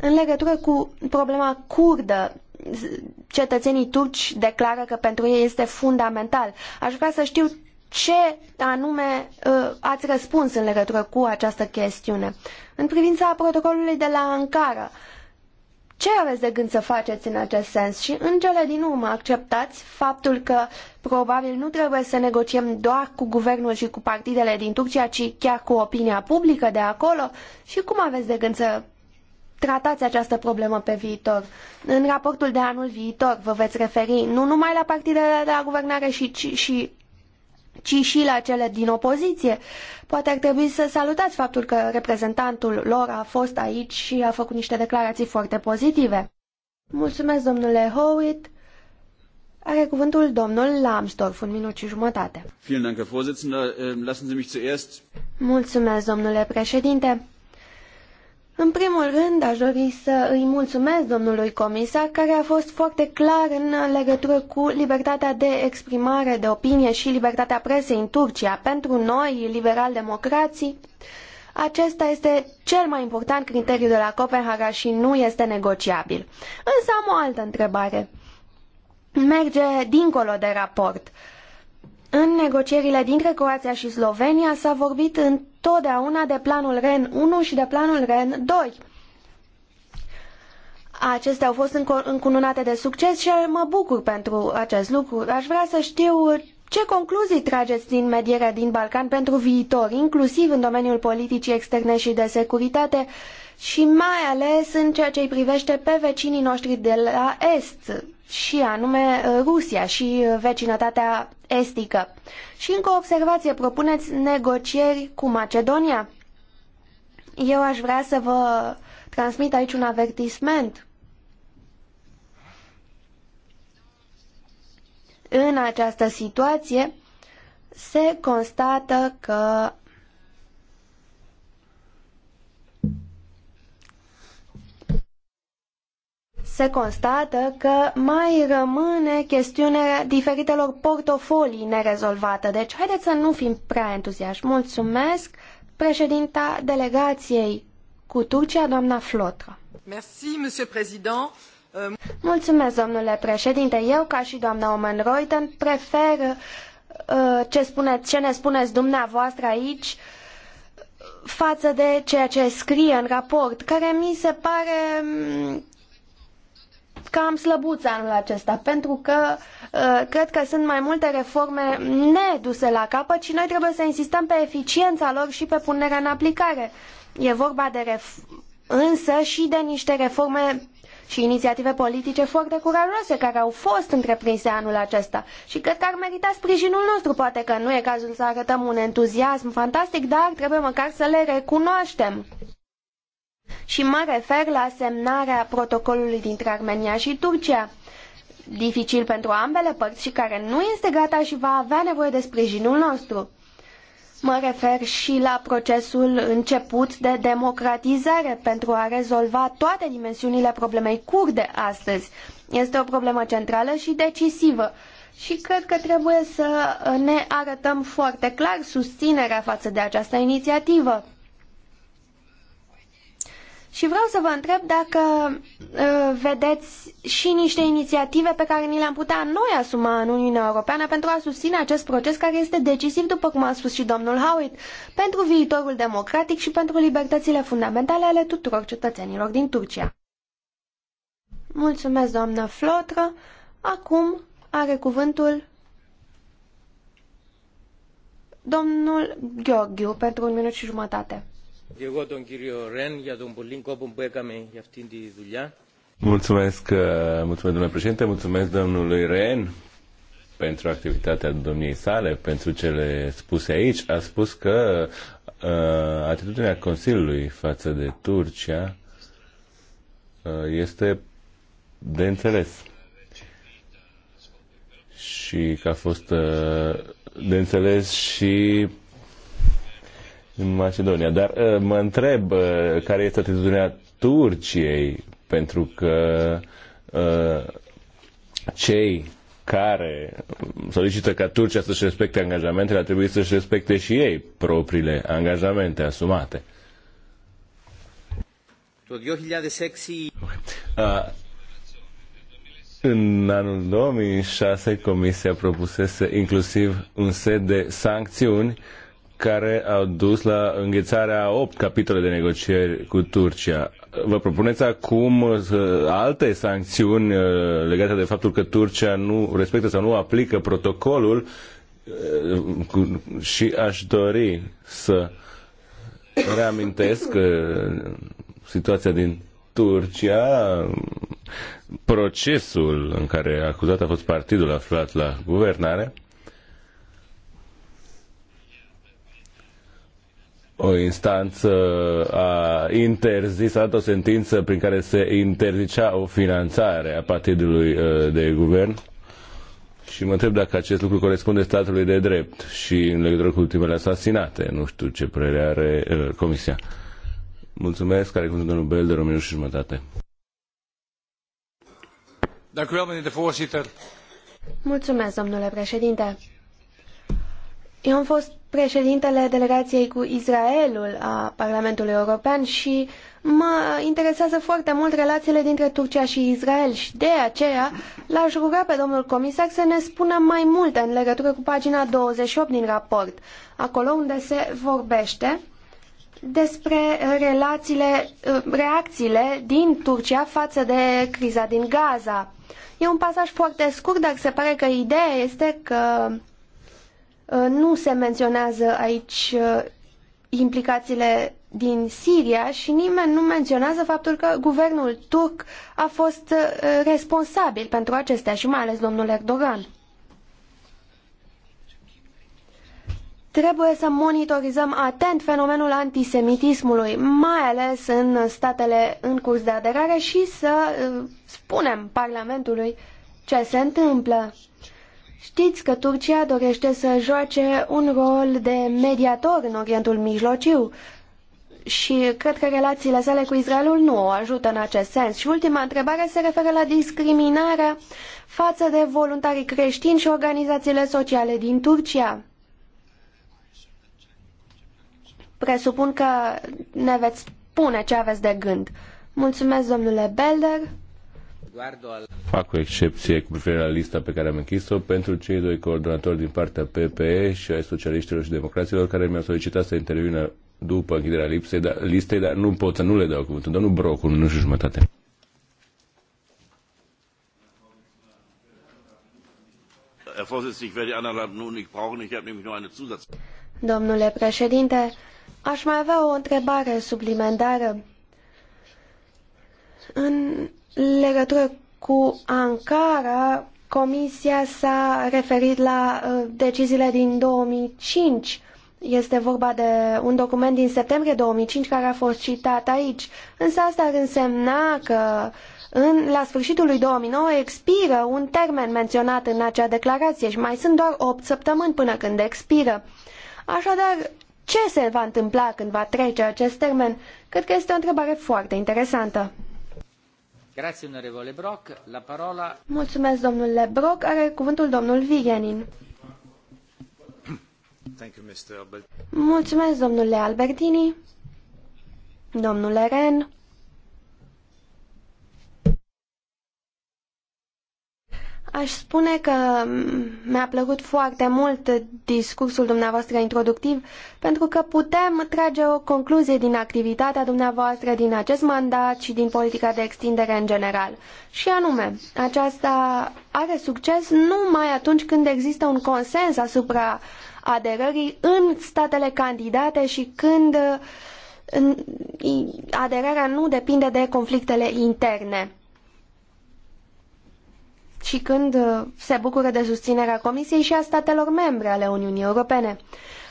În legătură cu problema curdă, cetățenii turci declară că pentru ei este fundamental. Aș vrea să știu ce anume uh, ați răspuns în legătură cu această chestiune. În privința protocolului de la Ankara, ce aveți de gând să faceți în acest sens? Și în cele din urmă acceptați faptul că probabil nu trebuie să negociem doar cu guvernul și cu partidele din Turcia, ci chiar cu opinia publică de acolo? Și cum aveți de gând să tratați această problemă pe viitor. În raportul de anul viitor vă veți referi nu numai la partidele de la guvernare, și, ci, și, ci și la cele din opoziție. Poate ar trebui să salutați faptul că reprezentantul lor a fost aici și a făcut niște declarații foarte pozitive. Mulțumesc, domnule Howitt. Are cuvântul domnul Lambsdorff, un minut și jumătate. Ähm, Mulțumesc, domnule președinte. În primul rând, aș dori să îi mulțumesc domnului comisar, care a fost foarte clar în legătură cu libertatea de exprimare de opinie și libertatea presei în Turcia. Pentru noi, liberal-democrații, acesta este cel mai important criteriu de la Copenhaga și nu este negociabil. Însă am o altă întrebare. Merge dincolo de raport. În negocierile dintre Croația și Slovenia s-a vorbit întotdeauna de planul REN 1 și de planul REN 2. Acestea au fost încununate de succes și mă bucur pentru acest lucru. Aș vrea să știu ce concluzii trageți din medierea din Balcan pentru viitor, inclusiv în domeniul politicii externe și de securitate și mai ales în ceea ce îi privește pe vecinii noștri de la Est, și anume uh, Rusia și uh, vecinătatea estică. Și încă o observație, propuneți negocieri cu Macedonia? Eu aș vrea să vă transmit aici un avertisment. În această situație se constată că se constată că mai rămâne chestiunea diferitelor portofolii nerezolvate. Deci, haideți să nu fim prea entuziaști. Mulțumesc președinta delegației cu Turcia, doamna Flotră. Uh, mulțumesc, domnule președinte. Eu, ca și doamna Omen Reuten, prefer uh, ce, spuneți, ce ne spuneți dumneavoastră aici față de ceea ce scrie în raport, care mi se pare mm, cam slăbuț anul acesta, pentru că uh, cred că sunt mai multe reforme neduse la capăt și noi trebuie să insistăm pe eficiența lor și pe punerea în aplicare. E vorba de ref- însă și de niște reforme și inițiative politice foarte curajoase care au fost întreprinse anul acesta și cred că ar merita sprijinul nostru. Poate că nu e cazul să arătăm un entuziasm fantastic, dar trebuie măcar să le recunoaștem. Și mă refer la semnarea protocolului dintre Armenia și Turcia, dificil pentru ambele părți și care nu este gata și va avea nevoie de sprijinul nostru. Mă refer și la procesul început de democratizare pentru a rezolva toate dimensiunile problemei kurde astăzi. Este o problemă centrală și decisivă și cred că trebuie să ne arătăm foarte clar susținerea față de această inițiativă. Și vreau să vă întreb dacă uh, vedeți și niște inițiative pe care ni le-am putea noi asuma în Uniunea Europeană pentru a susține acest proces care este decisiv, după cum a spus și domnul Howitt, pentru viitorul democratic și pentru libertățile fundamentale ale tuturor cetățenilor din Turcia. Mulțumesc, doamnă Flotră. Acum are cuvântul domnul Gheorghiu pentru un minut și jumătate. Εγώ τον κύριο Ρεν για τον πολύ κόπο που έκαμε για αυτήν τη δουλειά. Mulțumesc, mulțumesc domnule președinte, mulțumesc domnului Ren pentru activitatea domniei sale, pentru cele spuse aici. A spus că uh, atitudinea Consiliului față de Turcia uh, este de înțeles și că a fost uh, de înțeles și în Macedonia. Dar uh, mă întreb uh, care este atitudinea Turciei, pentru că uh, cei care solicită ca Turcia să-și respecte angajamentele, ar trebui să-și respecte și ei propriile angajamente asumate. A, uh, în anul 2006 Comisia propusese inclusiv un set de sancțiuni uh, care au dus la înghețarea 8 capitole de negocieri cu Turcia. Vă propuneți acum uh, alte sancțiuni uh, legate de faptul că Turcia nu respectă sau nu aplică protocolul uh, și aș dori să reamintesc situația din Turcia, procesul în care acuzat a fost partidul aflat la guvernare, o instanță a interzis, a dat o sentință prin care se interzicea o finanțare a partidului uh, de guvern și mă întreb dacă acest lucru corespunde statului de drept și în legătură cu ultimele asasinate. Nu știu ce părere are uh, Comisia. Mulțumesc, care cuvântul domnul Bel de Romeniu și jumătate. Mulțumesc, domnule președinte. Eu am fost președintele delegației cu Israelul a Parlamentului European și mă interesează foarte mult relațiile dintre Turcia și Israel și de aceea l-aș ruga pe domnul comisar să ne spună mai multe în legătură cu pagina 28 din raport, acolo unde se vorbește despre relațiile, reacțiile din Turcia față de criza din Gaza. E un pasaj foarte scurt, dar se pare că ideea este că Uh, nu se menționează aici uh, implicațiile din Siria și nimeni nu menționează faptul că guvernul turc a fost uh, responsabil pentru acestea și mai ales domnul Erdogan. Trebuie să monitorizăm atent fenomenul antisemitismului, mai ales în statele în curs de aderare și să spunem Parlamentului ce se întâmplă. Știți că Turcia dorește să joace un rol de mediator în Orientul Mijlociu și cred că relațiile sale cu Israelul nu o ajută în acest sens. Și ultima întrebare se referă la discriminarea față de voluntarii creștini și organizațiile sociale din Turcia. Presupun că ne veți spune ce aveți de gând. Mulțumesc, domnule Belder. Fac o excepție cu privire la lista pe care am închis-o pentru cei doi coordonatori din partea PPE și ai socialiștilor și democraților care mi-au solicitat să intervină după închiderea lipsei, dar, listei, dar nu pot să nu le dau cuvântul. Domnul Broc, nu și jumătate. Domnule președinte, aș mai avea o întrebare suplimentară. În legătură cu Ankara, Comisia s-a referit la uh, deciziile din 2005. Este vorba de un document din septembrie 2005 care a fost citat aici. Însă asta ar însemna că în, la sfârșitul lui 2009 expiră un termen menționat în acea declarație și mai sunt doar opt săptămâni până când expiră. Așadar, ce se va întâmpla când va trece acest termen? Cred că este o întrebare foarte interesantă. Grazie, onorevole Brock. La parola... Mulțumesc, domnule Brock. Are cuvântul domnul Vigenin. Thank you, Mr. Albert. Mulțumesc, domnule Albertini. Domnule Ren. Aș spune că mi-a plăcut foarte mult discursul dumneavoastră introductiv, pentru că putem trage o concluzie din activitatea dumneavoastră, din acest mandat și din politica de extindere în general. Și anume, aceasta are succes numai atunci când există un consens asupra aderării în statele candidate și când aderarea nu depinde de conflictele interne și când uh, se bucură de susținerea Comisiei și a statelor membre ale Uniunii Europene.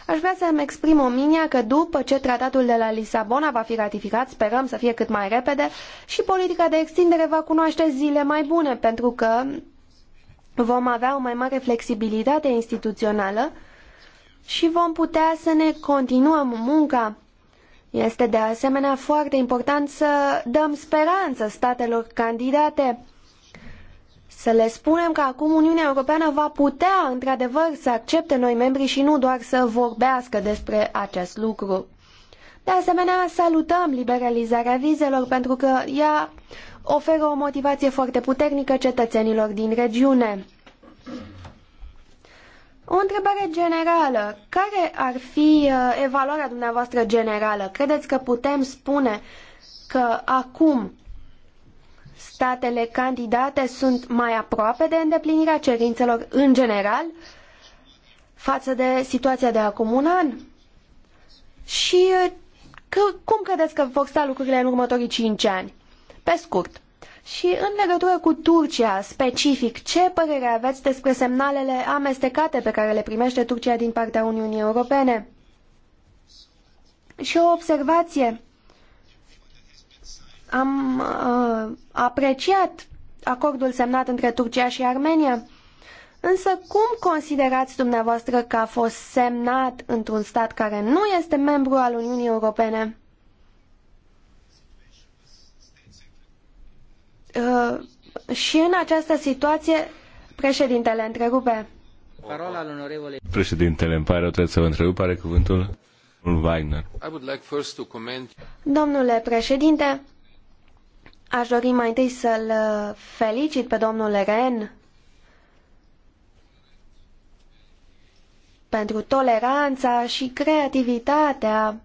Aș vrea să-mi exprim opinia că după ce tratatul de la Lisabona va fi ratificat, sperăm să fie cât mai repede, și politica de extindere va cunoaște zile mai bune, pentru că vom avea o mai mare flexibilitate instituțională și vom putea să ne continuăm munca. Este de asemenea foarte important să dăm speranță statelor candidate să le spunem că acum Uniunea Europeană va putea, într-adevăr, să accepte noi membri și nu doar să vorbească despre acest lucru. De asemenea, salutăm liberalizarea vizelor pentru că ea oferă o motivație foarte puternică cetățenilor din regiune. O întrebare generală. Care ar fi uh, evaluarea dumneavoastră generală? Credeți că putem spune că acum statele candidate sunt mai aproape de îndeplinirea cerințelor în general față de situația de acum un an? Și uh, că, cum credeți că vor sta lucrurile în următorii cinci ani? Pe scurt. Și în legătură cu Turcia, specific, ce părere aveți despre semnalele amestecate pe care le primește Turcia din partea Uniunii Europene? Și o observație. Am uh, apreciat acordul semnat între Turcia și Armenia, însă cum considerați dumneavoastră că a fost semnat într-un stat care nu este membru al Uniunii Europene? Uh, și în această situație, președintele întrerupe. Parola Președintele, îmi pare rău, trebuie să vă întrerup, are cuvântul Wagner. Domnule președinte, Aș dori mai întâi să-l uh, felicit pe domnul Ren pentru toleranța și creativitatea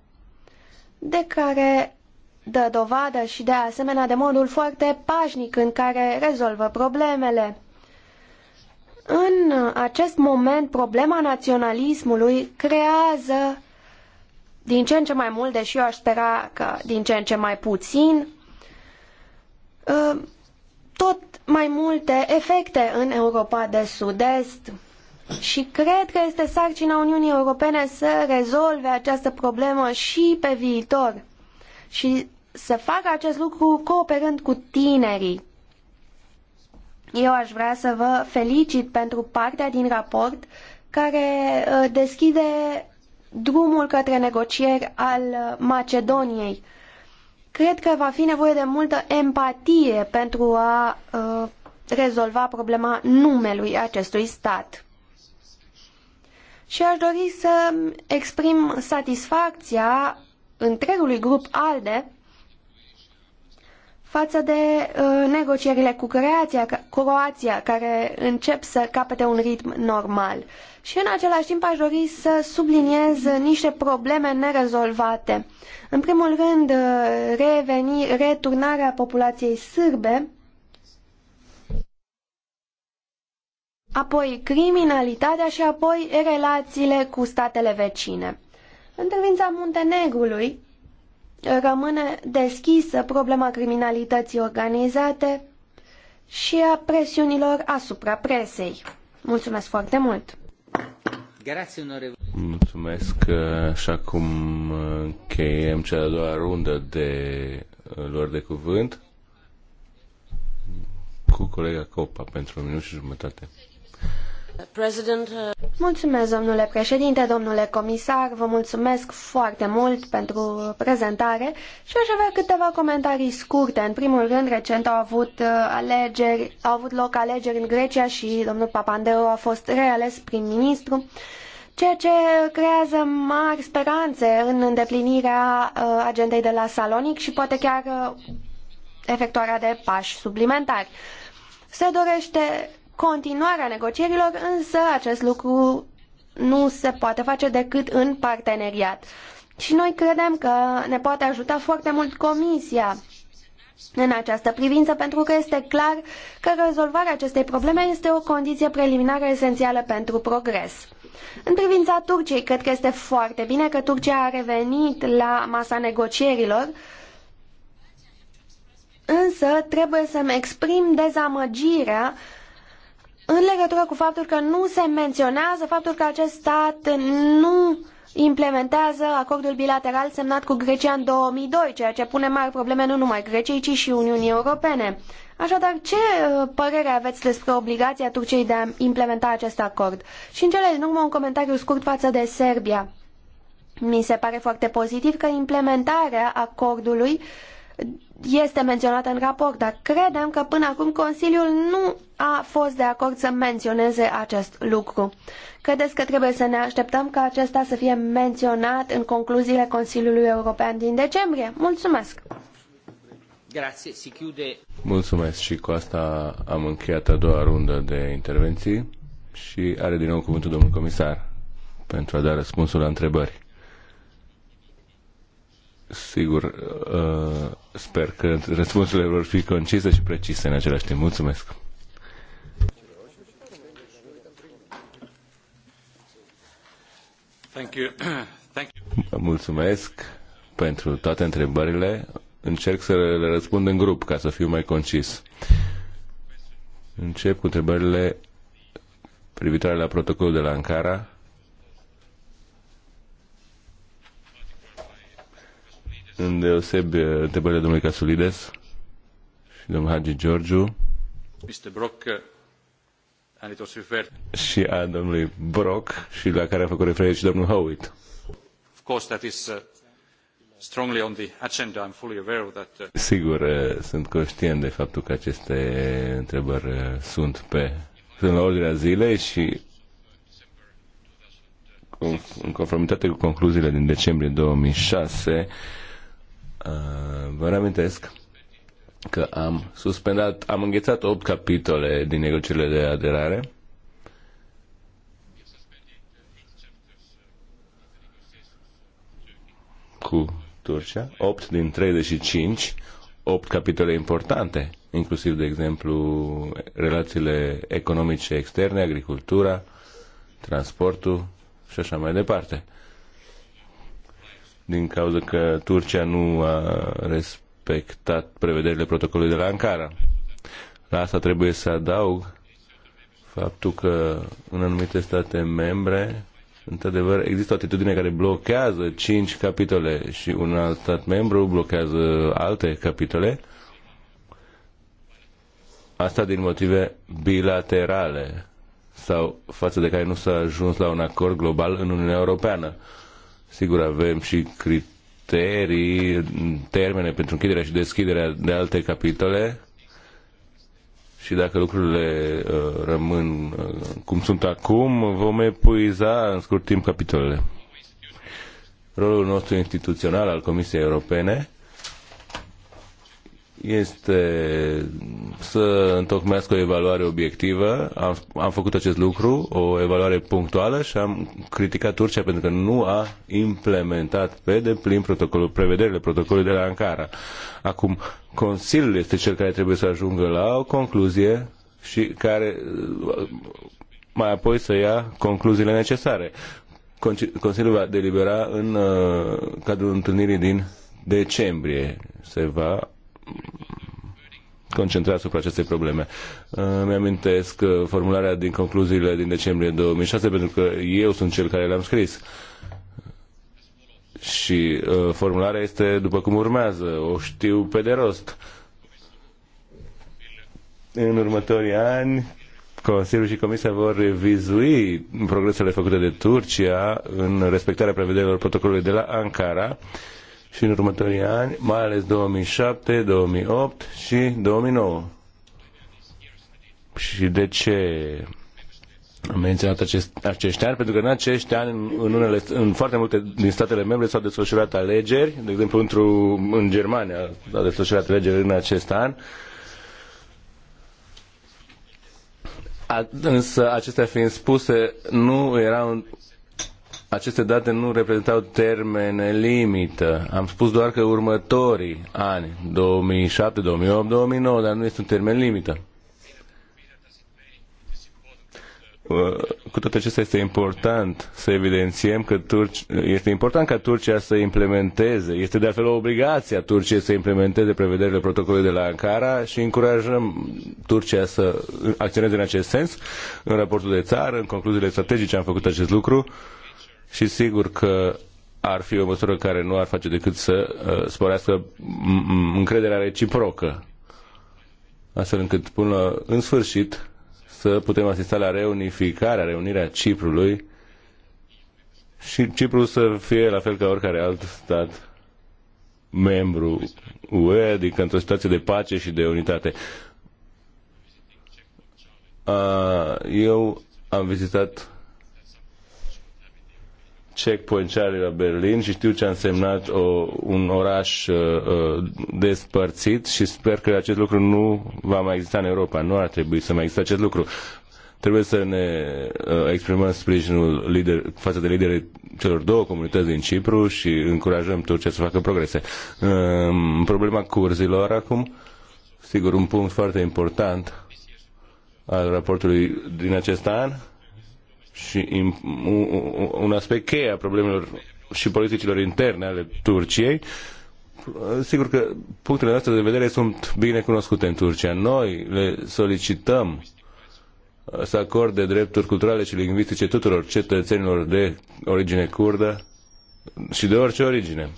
de care dă dovadă și de asemenea de modul foarte pașnic în care rezolvă problemele. În acest moment, problema naționalismului creează din ce în ce mai mult, deși eu aș spera că din ce în ce mai puțin, Uh, tot mai multe efecte în Europa de Sud-Est. Și cred că este sarcina Uniunii Europene să rezolve această problemă și pe viitor. Și să facă acest lucru cooperând cu tinerii. Eu aș vrea să vă felicit pentru partea din raport care uh, deschide drumul către negocieri al Macedoniei Cred că va fi nevoie de multă empatie pentru a uh, rezolva problema numelui acestui stat. Și aș dori să exprim satisfacția întregului grup ALDE față de uh, negocierile cu Croația, Croația, care încep să capete un ritm normal. Uh, și în același timp aș dori să subliniez niște probleme nerezolvate. În primul rând, reveni, returnarea populației sârbe, apoi criminalitatea și apoi relațiile cu statele vecine. În privința Muntenegrului rămâne deschisă problema criminalității organizate și a presiunilor asupra presei. Mulțumesc foarte mult! Mulțumesc uh, și acum uh, încheiem cea de-a doua rundă de uh, luări de cuvânt cu colega Copa pentru un minut și jumătate. Uh, mulțumesc, domnule președinte, domnule comisar, vă mulțumesc foarte mult pentru prezentare și aș avea câteva comentarii scurte. În primul rând, recent au avut, uh, alegeri, au avut loc alegeri în Grecia și domnul Papandreou a fost reales prim-ministru, ceea ce creează mari speranțe în îndeplinirea uh, agendei de la Salonic și poate chiar efectuarea de pași suplimentari. Se dorește continuarea negocierilor, însă acest lucru nu se poate face decât în parteneriat. Și noi credem că ne poate ajuta foarte mult Comisia în această privință, pentru că este clar că rezolvarea acestei probleme este o condiție preliminară esențială pentru progres. În privința Turciei, cred că este foarte bine că Turcia a revenit la masa negocierilor, însă trebuie să-mi exprim dezamăgirea uh, în legătură cu faptul că nu se menționează faptul că acest stat nu implementează acordul bilateral semnat cu Grecia în 2002, ceea ce pune mari probleme nu numai Greciei, ci și Uniunii Europene. Așadar, ce uh, părere aveți despre obligația Turciei de a implementa acest acord? Și în cele din urmă un comentariu scurt față de Serbia. Mi se pare foarte pozitiv că implementarea acordului este menționat în raport, dar credem că până acum Consiliul nu a fost de acord să menționeze acest lucru. Credeți că trebuie să ne așteptăm ca acesta să fie menționat în concluziile Consiliului European din decembrie? Mulțumesc! Mulțumesc și cu asta am încheiat a doua rundă de intervenții și are din nou cuvântul domnul comisar pentru a da răspunsul la întrebări. Sigur, uh, Sper că răspunsurile vor fi concise și precise în același timp. Mulțumesc! Thank you. [CLEARS THROAT] Thank you. Mulțumesc pentru toate întrebările. Încerc să le răspund în grup ca să fiu mai concis. Încep cu întrebările privitoare la protocolul de la Ankara deoseb uh, întrebările domnului Casulides și domnul Hagi Georgiu. Mr. Brock, uh, and it was referred. Și a domnului Brock și la care a făcut referire și domnul Howitt. Of course, that is uh, strongly on the agenda. I'm fully aware of that. Uh. Sigur, sunt conștient de faptul că aceste întrebări sunt pe sunt la ordinea zilei și în conformitate cu concluziile din decembrie 2006 Uh, vă reamintesc că am suspendat, am înghețat 8 capitole din negocierile de aderare. cu Turcia, 8 din 35, 8 capitole importante, inclusiv, de exemplu, relațiile economice externe, agricultura, transportul și așa mai departe din cauza că Turcia nu a respectat prevederile protocolului de la Ankara. La asta trebuie să adaug faptul că în anumite state membre, într-adevăr, există o atitudine care blochează cinci capitole și un alt stat membru blochează alte capitole. Asta din motive bilaterale sau față de care nu s-a ajuns la un acord global în Uniunea Europeană. Sigur, avem și criterii, termene pentru închiderea și deschiderea de alte capitole și dacă lucrurile uh, rămân uh, cum sunt acum, vom epuiza în scurt timp capitolele. Rolul nostru instituțional al Comisiei Europene este să întocmească o evaluare obiectivă. Am, am făcut acest lucru, o evaluare punctuală și am criticat Turcia pentru că nu a implementat pe deplin protocolul, prevederile protocolului de la Ankara. Acum, Consiliul este cel care trebuie să ajungă la o concluzie și care mai apoi să ia concluziile necesare. Consiliul va delibera în uh, cadrul întâlnirii din decembrie. Se va concentrat asupra acestei probleme. Uh, Mi-amintesc uh, formularea din concluziile din decembrie 2006, pentru că eu sunt cel care le-am scris. Și uh, formularea este după cum urmează, o știu pe de rost. În următorii ani, Consiliul și Comisia vor revizui progresele făcute de Turcia în respectarea prevederilor protocolului de la Ankara. Uh, și în următorii ani, mai ales 2007, 2008 și 2009. Și de ce am menționat acest, acești ani? Pentru că în acești ani, în, unele, în foarte multe din statele membre s-au desfășurat alegeri, de exemplu într în Germania s-au desfășurat alegeri în acest an, A, însă acestea fiind spuse, nu era un, aceste date nu reprezentau termene limită. Am spus doar că următorii ani, 2007, 2008, 2009, dar nu este un termen limită. Cu toate acestea este important să evidențiem că Turci, este important ca Turcia să implementeze, este de altfel o obligație a Turciei să implementeze prevederile protocolului de la Ankara și încurajăm Turcia să acționeze în acest sens. În raportul de țară, în concluziile strategice am făcut acest lucru. Uh, și sigur că ar fi o măsură care nu ar face decât să uh, sporească încrederea reciprocă, astfel încât până în sfârșit să putem asista la reunificarea, reunirea Ciprului și Ciprul să fie la fel ca oricare alt stat membru UE, adică într-o situație de pace și de unitate. Eu am vizitat checkpoint are la Berlin și știu ce a însemnat o, un oraș uh, uh, despărțit și sper că acest lucru nu va mai exista în Europa. Nu ar trebui să mai există acest lucru. Trebuie să ne uh, exprimăm sprijinul lider, față de liderii celor două comunități din Cipru și încurajăm Turcia să facă progrese. Uh, problema curzilor acum, sigur, un punct foarte important al raportului din acest an, uh, și un aspect cheie a problemelor și politicilor interne ale Turciei. Sigur că punctele noastre de vedere sunt bine cunoscute în Turcia. Noi le solicităm uh, să acorde drepturi culturale și lingvistice tuturor cetățenilor de origine curdă și de orice origine.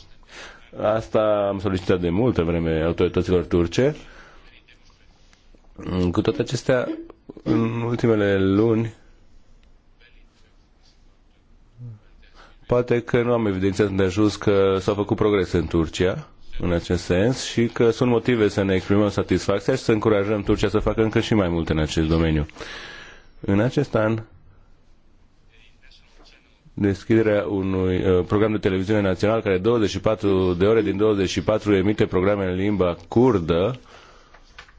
Asta am solicitat de multă vreme autorităților turce. Mm, Cu toate acestea, în ultimele luni, Poate că nu am evidențiat de ajuns că s-au făcut progrese în Turcia în acest sens și că sunt motive să ne exprimăm satisfacția și să încurajăm Turcia să facă încă și mai mult în acest domeniu. În acest an, deschiderea unui uh, program de televiziune național care 24 de ore din 24 emite programe în limba curdă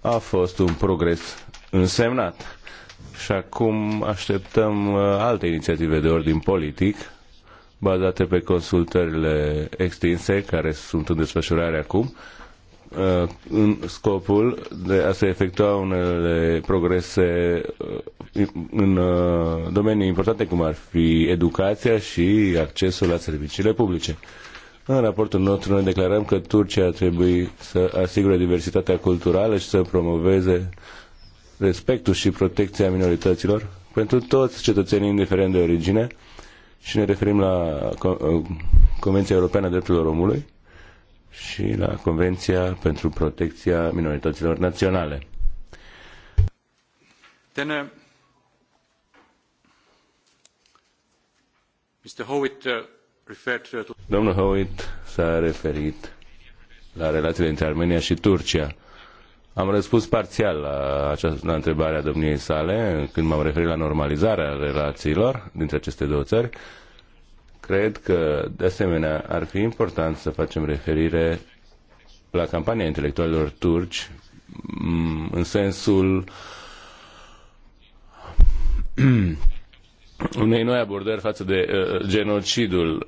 a fost un progres însemnat. Și acum așteptăm uh, alte inițiative de ordin politic bazate pe consultările extinse care sunt în desfășurare acum, uh, în scopul de a se efectua unele progrese uh, în uh, domenii importante cum ar fi educația și accesul la serviciile publice. În raportul nostru noi declarăm că Turcia ar trebui să asigure diversitatea culturală și să promoveze respectul și protecția minorităților pentru toți cetățenii indiferent de origine, și ne referim la uh, Convenția Europeană a Drepturilor Omului și la Convenția pentru Protecția Minorităților Naționale. Then, uh, Mr. Howitt, uh, referred to... Domnul Howitt s-a referit la relațiile între Armenia și Turcia am răspuns parțial la această la întrebarea domniei sale când m-am referit la normalizarea relațiilor dintre aceste două țări. Cred că, de asemenea, ar fi important să facem referire la campania intelectualilor turci mm, în sensul [CLEARS THROAT] unei noi abordări față de uh, genocidul uh,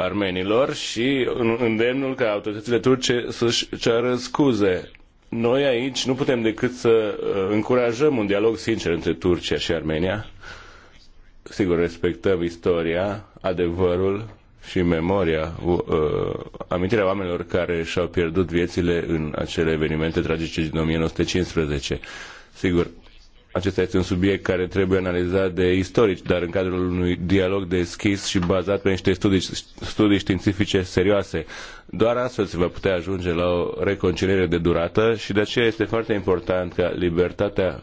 armenilor și îndemnul ca autoritățile turce să-și ceară scuze noi aici nu putem decât să uh, încurajăm un dialog sincer între Turcia și Armenia. Sigur, respectăm istoria, adevărul și memoria, uh, amintirea oamenilor care și-au pierdut viețile în acele evenimente tragice din 1915. Sigur, acesta este un subiect care trebuie analizat de istorici, dar în cadrul unui dialog deschis și bazat pe niște studii, studii științifice serioase. Doar astfel se va putea ajunge la o reconciliere de durată și de aceea este foarte important ca libertatea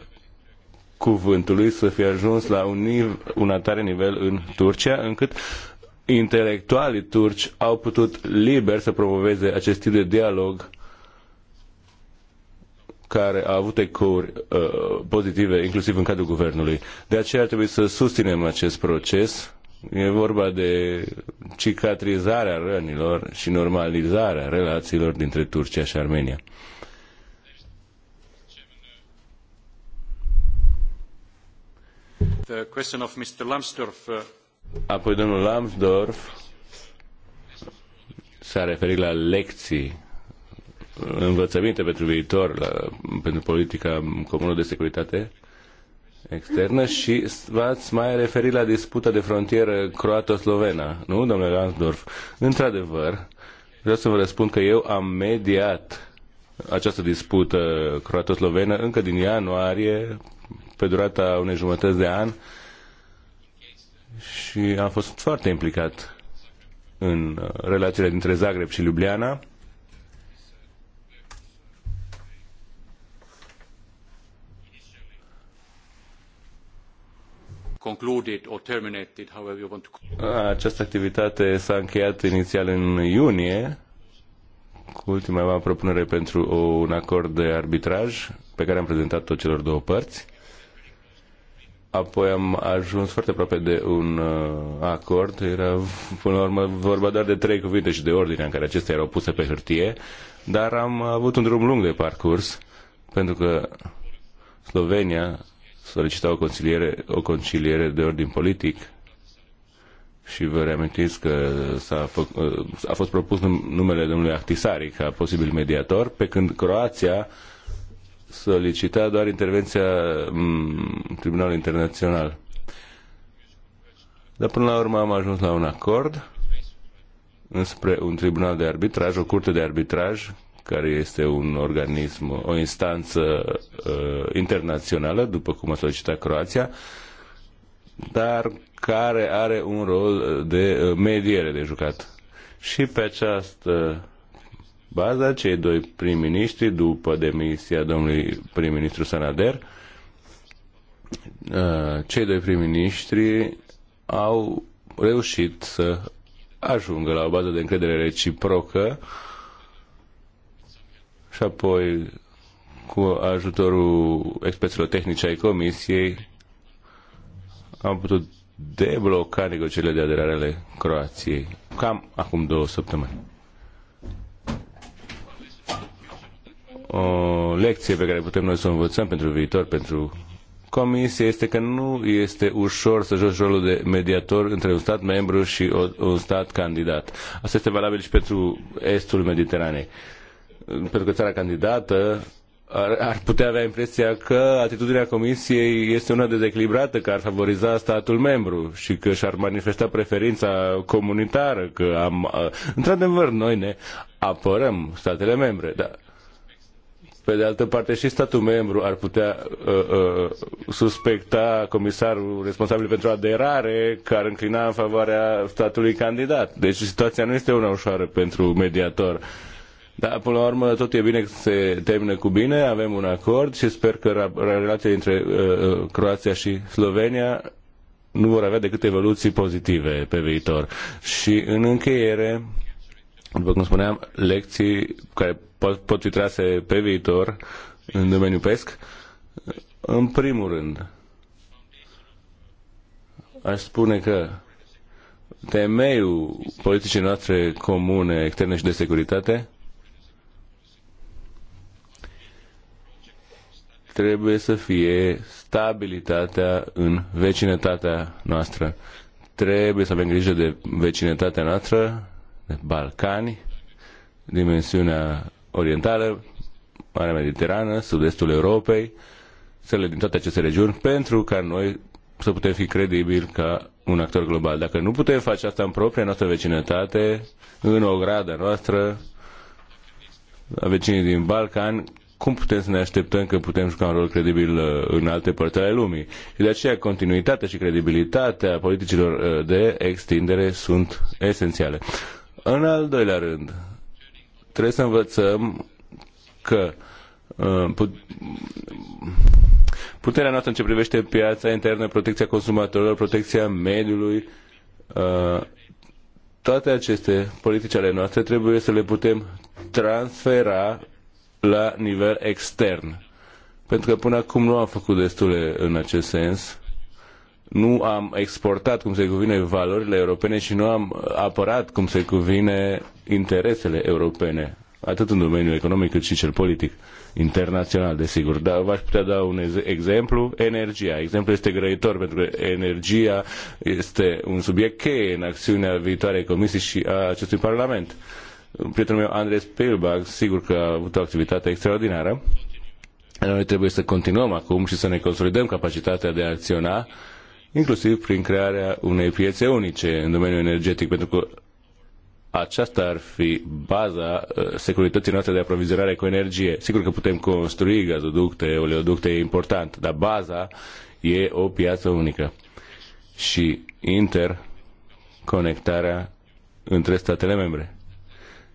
cuvântului să fie ajuns la un, niv- un atare nivel în Turcia, încât intelectualii turci au putut liber să promoveze acest tip de dialog care a avut ecouri uh, pozitive, inclusiv în cadrul guvernului. De aceea ar trebui să susținem acest proces. E vorba de cicatrizarea rănilor și normalizarea relațiilor dintre Turcia și Armenia. The question of Mr. Lambsdorff. Uh, Apoi domnul Lambsdorff s-a referit la lecții învățăminte pentru viitor, la, pentru politica comună de securitate externă și v-ați mai referit la disputa de frontieră croato-slovena, nu, domnule Lansdorf? Într-adevăr, vreau să vă răspund că eu am mediat această dispută croato-slovenă încă din ianuarie, pe durata unei jumătăți de an și am fost foarte implicat în uh, relațiile dintre Zagreb și Ljubljana Această activitate s-a încheiat inițial în iunie cu ultima mea propunere pentru un acord de arbitraj pe care am prezentat-o celor două părți. Apoi am ajuns foarte aproape de un uh, acord. Era, până la urmă, vorba doar de trei cuvinte și de ordinea în care acestea erau puse pe hârtie, dar am avut un drum lung de parcurs, pentru că Slovenia solicita o conciliere, o conciliere de ordin politic și vă reamintiți că s-a, fă, a fost propus numele domnului Ahtisari ca posibil mediator, pe când Croația solicita doar intervenția mm, Tribunalului Internațional. Dar până la urmă am ajuns la un acord înspre un tribunal de arbitraj, o curte de arbitraj care este un organism, o instanță uh, internațională, după cum a solicitat Croația, dar care are un rol de uh, mediere de jucat. Și pe această bază, cei doi prim-ministri, după demisia domnului prim-ministru Sanader, uh, cei doi prim-ministri au reușit să ajungă la o bază de încredere reciprocă uh, și apoi cu ajutorul experților tehnici ai Comisiei am putut debloca negocierile de aderare ale Croației cam acum două săptămâni. O lecție pe care putem noi să o învățăm pentru viitor, pentru Comisie, este că nu este ușor să joci rolul de mediator între un stat membru și un stat candidat. Asta este valabil și pentru estul Mediteranei pentru că țara candidată ar, ar putea avea impresia că atitudinea Comisiei este una dezechilibrată, că ar favoriza statul membru și că și-ar manifesta preferința comunitară, că am... Într-adevăr, noi ne apărăm statele membre, dar pe de altă parte și statul membru ar putea uh, uh, suspecta comisarul responsabil pentru aderare care înclina în favoarea statului candidat. Deci situația nu este una ușoară pentru mediator. Uh, da, până la urmă tot e bine că se termină cu bine, avem un acord și sper că relația dintre uh, uh, Croația și Slovenia nu vor avea decât evoluții pozitive pe viitor. Și în încheiere, după cum spuneam, lecții care pot, pot fi trase pe viitor în domeniul pesc, în primul rând, aș spune că temeiul politicii noastre comune, externe și de securitate, trebuie să fie stabilitatea în vecinătatea noastră. Trebuie să avem grijă de vecinătatea noastră, de Balcani, dimensiunea orientală, Marea Mediterană, sud-estul Europei, țările din toate aceste regiuni, pentru ca noi să putem fi credibili ca un actor global. Dacă nu putem face asta în propria noastră vecinătate, în ograda noastră, a vecinii din Balcan, cum putem să ne așteptăm că putem juca un rol credibil uh, în alte părți ale lumii? Și de aceea continuitatea și credibilitatea politicilor uh, de extindere sunt esențiale. În al doilea rând, trebuie să învățăm că uh, puterea noastră în ce privește piața internă, protecția consumatorilor, protecția mediului, toate aceste politici ale noastre trebuie să le putem transfera la nivel extern. Pentru că până acum nu am făcut destule în acest sens. Nu am exportat cum se cuvine valorile europene și nu am apărat cum se cuvine interesele europene, atât în domeniul economic cât și cel politic internațional, desigur. Dar v-aș putea da un exemplu, energia. Exemplul este grăitor, pentru că energia este un subiect cheie în acțiunea viitoarei comisii și a acestui Parlament. Uh, prietenul meu, Andrei Spielberg, sigur că a avut o activitate extraordinară. Noi trebuie să continuăm acum și să ne consolidăm capacitatea de a acționa, inclusiv prin crearea unei piețe unice în domeniul energetic, pentru că aceasta ar fi baza uh, securității noastre de aprovizionare cu energie. Sigur că putem construi gazoducte, oleoducte, e important, dar baza e o piață unică. Și interconectarea între statele membre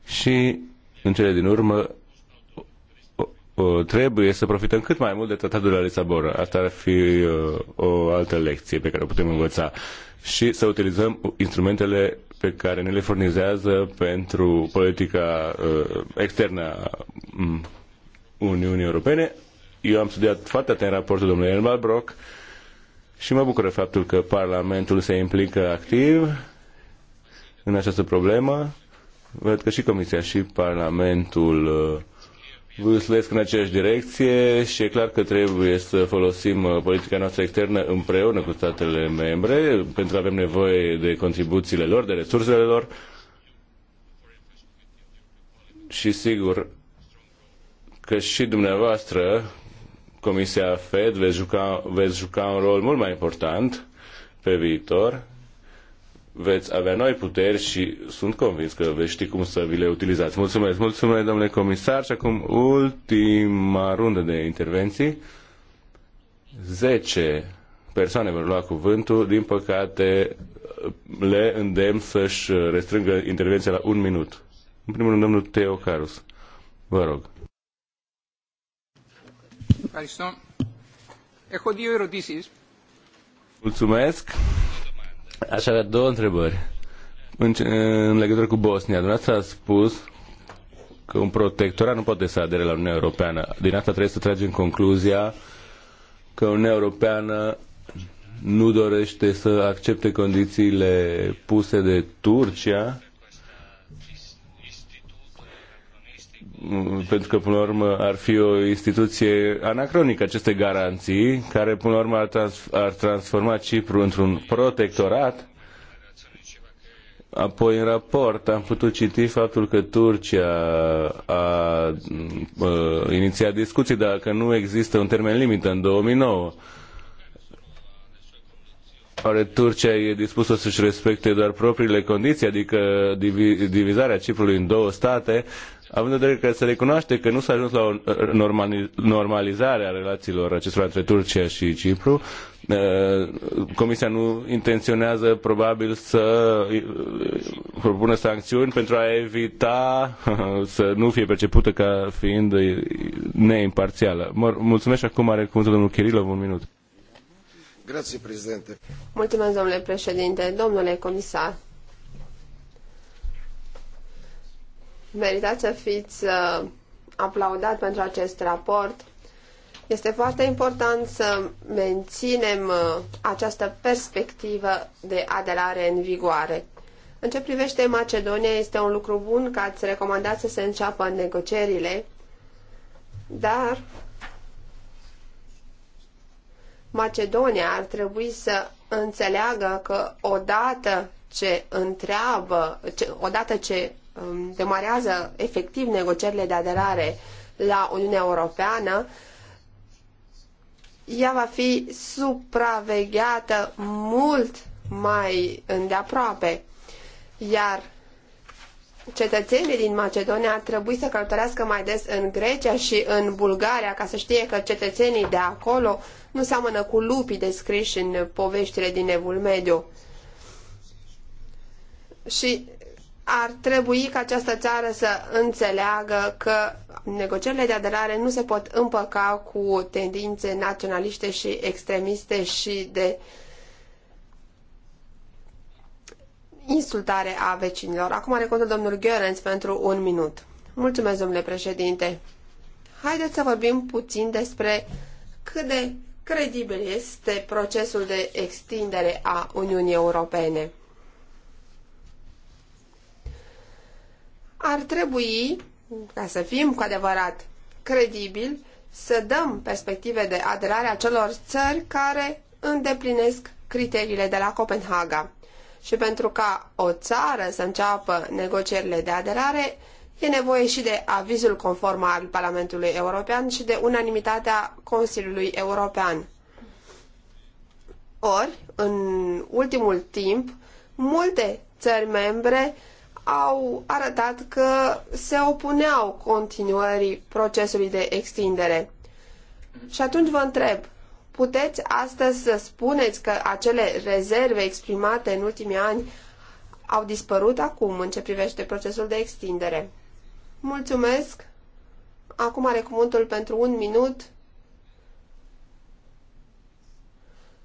și, în cele din urmă, trebuie să profităm cât mai mult de tratatul de la Lisabona. Asta ar fi uh, o altă lecție pe care o putem învăța. Și să utilizăm instrumentele pe care ne le furnizează pentru politica uh, externă a mm, Uniunii Europene. Eu am studiat foarte atent raportul domnului Elmar Brock și mă bucură faptul că Parlamentul se implică activ în această problemă Văd că și Comisia și Parlamentul uh, vâslesc în aceeași direcție și e clar că trebuie să folosim uh, politica noastră externă împreună cu statele membre, pentru că avem nevoie de contribuțiile lor, de resursele lor și sigur că și dumneavoastră, Comisia FED, veți juca, veți juca un rol mult mai important pe viitor veți avea noi puteri și sunt convins că veți ști cum să vi le utilizați. Mulțumesc, mulțumesc, domnule comisar. Și acum ultima rundă de intervenții. 10 persoane vor lua cuvântul. Din păcate, le îndemn să-și restrângă intervenția la un minut. În primul rând, domnul Teo Carus. Vă rog. Mulțumesc. Aș avea două întrebări. În, în legătură cu Bosnia, dumneavoastră a spus că un protectorat nu poate să adere la Uniunea Europeană. Din asta trebuie să tragem concluzia că Uniunea Europeană nu dorește să accepte condițiile puse de Turcia pentru că, până la urmă, ar fi o instituție anacronică aceste garanții, care, până la urmă, ar, trans- ar transforma Cipru într-un protectorat. Apoi, în raport, am putut citi faptul că Turcia a, a, uh, a inițiat discuții, dar că nu există un termen limită în 2009. Oare Turcia e dispusă să-și respecte doar propriile condiții, adică divizarea Ciprului în două state, având în vedere că se recunoaște că nu s-a ajuns la o uh, normalizare a relațiilor acestora între Turcia și Cipru, uh, Comisia nu intenționează probabil să uh, propună sancțiuni pentru a evita [LAUGHS] să nu fie percepută ca fiind neimparțială. Mulțumesc și acum are cuvântul domnul Kirilov un minut. Grazie, Mulțumesc, domnule președinte. Domnule comisar, meritați să fiți uh, aplaudat pentru acest raport. Este foarte important să menținem uh, această perspectivă de aderare în vigoare. În ce privește Macedonia, este un lucru bun că ați recomandat să se înceapă negocierile, dar Macedonia ar trebui să înțeleagă că odată ce întreabă, ce, odată ce Um, demarează efectiv negocierile de aderare la Uniunea Europeană, ea va fi supravegheată mult mai îndeaproape. Iar cetățenii din Macedonia ar trebui să călătorească mai des în Grecia și în Bulgaria ca să știe că cetățenii de acolo nu seamănă cu lupii descriși în poveștile din Evul Mediu. Și ar trebui ca această țară să înțeleagă că negocierile de aderare nu se pot împăca cu tendințe naționaliste și extremiste și de insultare a vecinilor. Acum are contul domnul Gheorens pentru un minut. Mulțumesc, domnule președinte. Haideți să vorbim puțin despre cât de credibil este procesul de extindere a Uniunii Europene. ar trebui, ca să fim cu adevărat credibili, să dăm perspective de aderare a celor țări care îndeplinesc criteriile de la Copenhaga. Și pentru ca o țară să înceapă negocierile de aderare, e nevoie și de avizul conform al Parlamentului European și de unanimitatea Consiliului European. Ori, în ultimul timp, multe țări membre au arătat că se opuneau continuării procesului de extindere. Și atunci vă întreb, puteți astăzi să spuneți că acele rezerve exprimate în ultimii ani au dispărut acum în ce privește procesul de extindere? Mulțumesc! Acum are cuvântul pentru un minut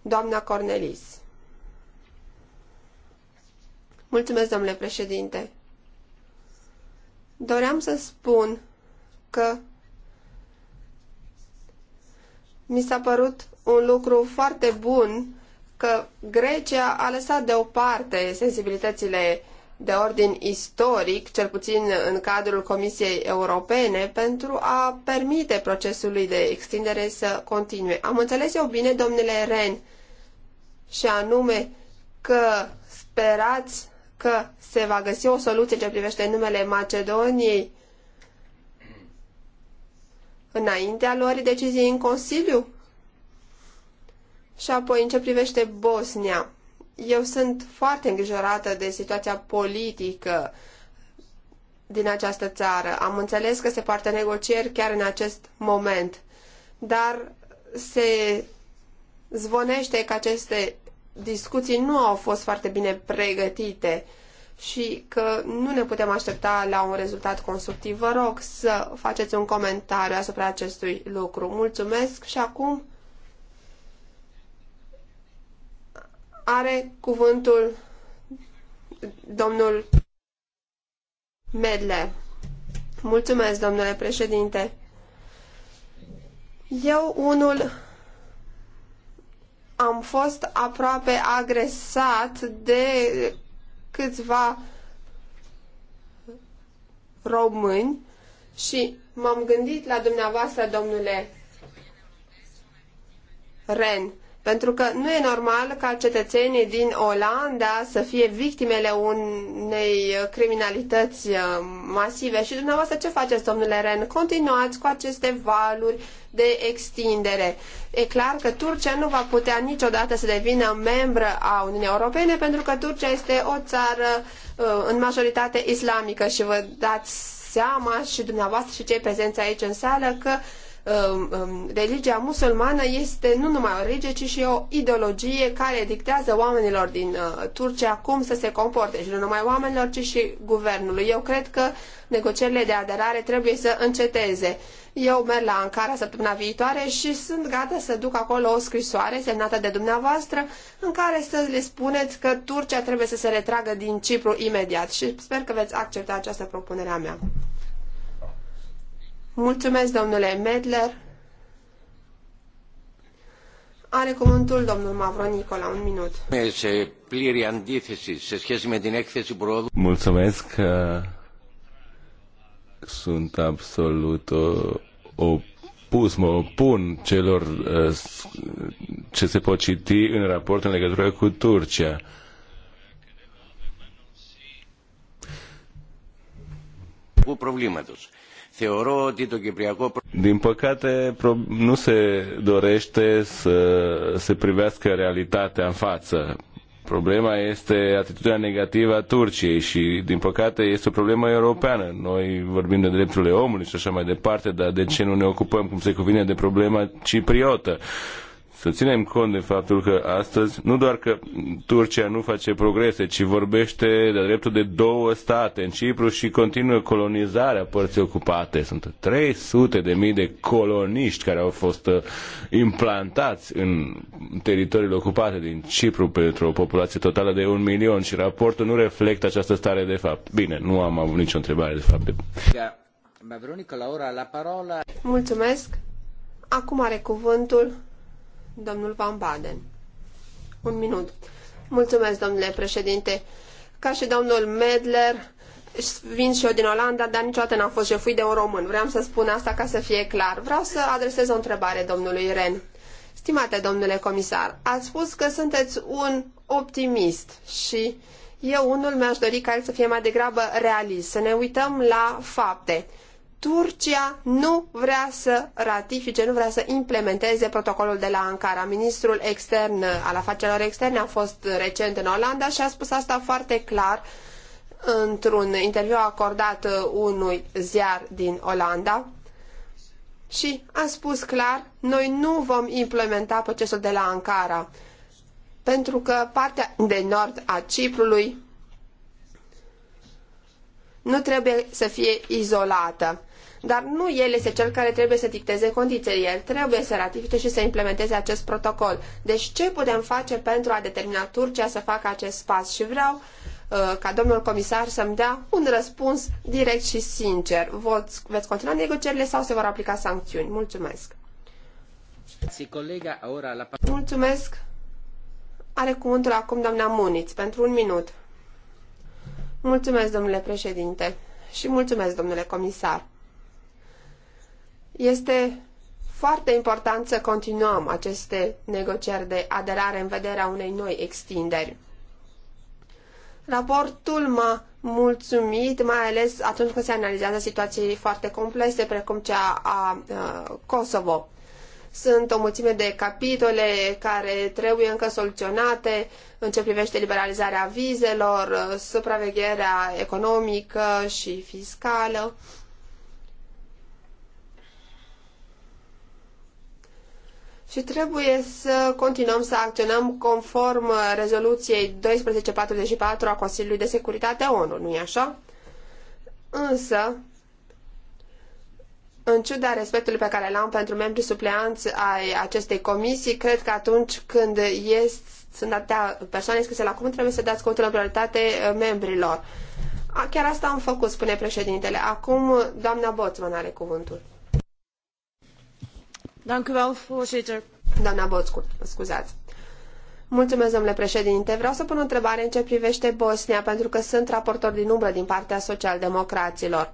doamna Cornelis. Mulțumesc, domnule președinte. Doream să spun că mi s-a părut un lucru foarte bun că Grecia a lăsat deoparte sensibilitățile de ordin istoric, cel puțin în cadrul Comisiei Europene, pentru a permite procesului de extindere să continue. Am înțeles eu bine, domnule Ren, și anume că sperați că se va găsi o soluție ce privește numele Macedoniei înaintea luării deciziei în Consiliu? Și apoi, în ce privește Bosnia, eu sunt foarte îngrijorată de situația politică din această țară. Am înțeles că se poartă negocieri chiar în acest moment, dar se zvonește că aceste discuții nu au fost foarte bine pregătite și că nu ne putem aștepta la un rezultat constructiv. Vă rog să faceți un comentariu asupra acestui lucru. Mulțumesc și acum are cuvântul domnul Medle. Mulțumesc, domnule președinte. Eu unul am fost aproape agresat de câțiva români și m-am gândit la dumneavoastră, domnule Ren. Pentru că nu e normal ca cetățenii din Olanda să fie victimele unei criminalități uh, masive. Și dumneavoastră ce faceți, domnule Ren? Continuați cu aceste valuri de extindere. E clar că Turcia nu va putea niciodată să devină membră a Uniunii Europene pentru că Turcia este o țară uh, în majoritate islamică și vă dați seama și dumneavoastră și cei prezenți aici în sală că uh, Um, um, religia musulmană este nu numai o religie, ci și o ideologie care dictează oamenilor din uh, Turcia cum să se comporte și nu numai oamenilor, ci și guvernului. Eu cred că negocierile de aderare trebuie să înceteze. Eu merg la Ankara săptămâna viitoare și sunt gata să duc acolo o scrisoare semnată de dumneavoastră în care să le spuneți că Turcia trebuie să se retragă din Cipru imediat și sper că veți accepta această propunere a mea. Mulțumesc, domnule Medler. Are cuvântul domnul Mavro Nicola, un minut. Este pliri antithesis se schezi με την έκθεση προόδου. Mulțumesc că sunt absolut uh, opus, mă opun celor uh, ce se pot citi în raport în legătură cu Turcia. totuși. Din păcate, nu se dorește să se privească realitatea în față. Problema este atitudinea negativă a Turciei și, din păcate, este o problemă europeană. Noi vorbim de drepturile omului și așa mai departe, dar de ce nu ne ocupăm, cum se cuvine, de problema cipriotă? să ținem cont de faptul că astăzi nu doar că Turcia nu face progrese, ci vorbește de dreptul de două state în Cipru și continuă colonizarea părții ocupate. Sunt 300 de mii de coloniști care au fost uh, implantați în teritoriile ocupate din Cipru pentru o populație totală de un milion și raportul nu reflectă această stare de fapt. Bine, nu am avut nicio întrebare de fapt. Mulțumesc! Acum are cuvântul Domnul Van Baden. Un minut. Mulțumesc, domnule președinte. Ca și domnul Medler, vin și eu din Olanda, dar niciodată n-am fost jefuit de un român. Vreau să spun asta ca să fie clar. Vreau să adresez o întrebare domnului Ren. Stimate domnule comisar, ați spus că sunteți un optimist și eu unul mi-aș dori ca el să fie mai degrabă realist, să ne uităm la fapte. Turcia nu vrea să ratifice, nu vrea să implementeze protocolul de la Ankara. Ministrul extern uh, al afacerilor externe a fost recent în Olanda și a spus asta foarte clar într-un interviu acordat uh, unui ziar din Olanda și a spus clar, noi nu vom implementa procesul de la Ankara pentru că partea de nord a Ciprului nu trebuie să fie izolată dar nu el este cel care trebuie să dicteze condițiile. El trebuie să ratifice și să implementeze acest protocol. Deci ce putem face pentru a determina Turcia să facă acest pas? Și vreau uh, ca domnul comisar să-mi dea un răspuns direct și sincer. Voți, veți continua negocierile sau se vor aplica sancțiuni? Mulțumesc! Mulțumesc! Are cuvântul acum doamna Muniț pentru un minut. Mulțumesc, domnule președinte, și mulțumesc, domnule comisar. Este foarte important să continuăm aceste negocieri de aderare în vederea unei noi extinderi. Raportul m-a mulțumit, mai ales atunci când se analizează situații foarte complexe, precum cea a, Kosovo. Sunt o mulțime de capitole care trebuie încă soluționate în ce privește liberalizarea vizelor, supravegherea economică și fiscală. și trebuie să continuăm să acționăm conform rezoluției 1244 a Consiliului de Securitate ONU, nu-i așa? Însă, în ciuda respectului pe care l-am pentru membrii supleanți ai acestei comisii, cred că atunci când este, sunt atâtea persoane scrise la cuvânt, trebuie să dați contul în prioritate uh, membrilor. Chiar asta am făcut, spune președintele. Acum, doamna Boțman are cuvântul. Doamna Boțcu, scuzați. Mulțumesc, domnule președinte. Vreau să pun o întrebare în ce privește Bosnia, pentru că sunt raportor din umbră din partea socialdemocraților.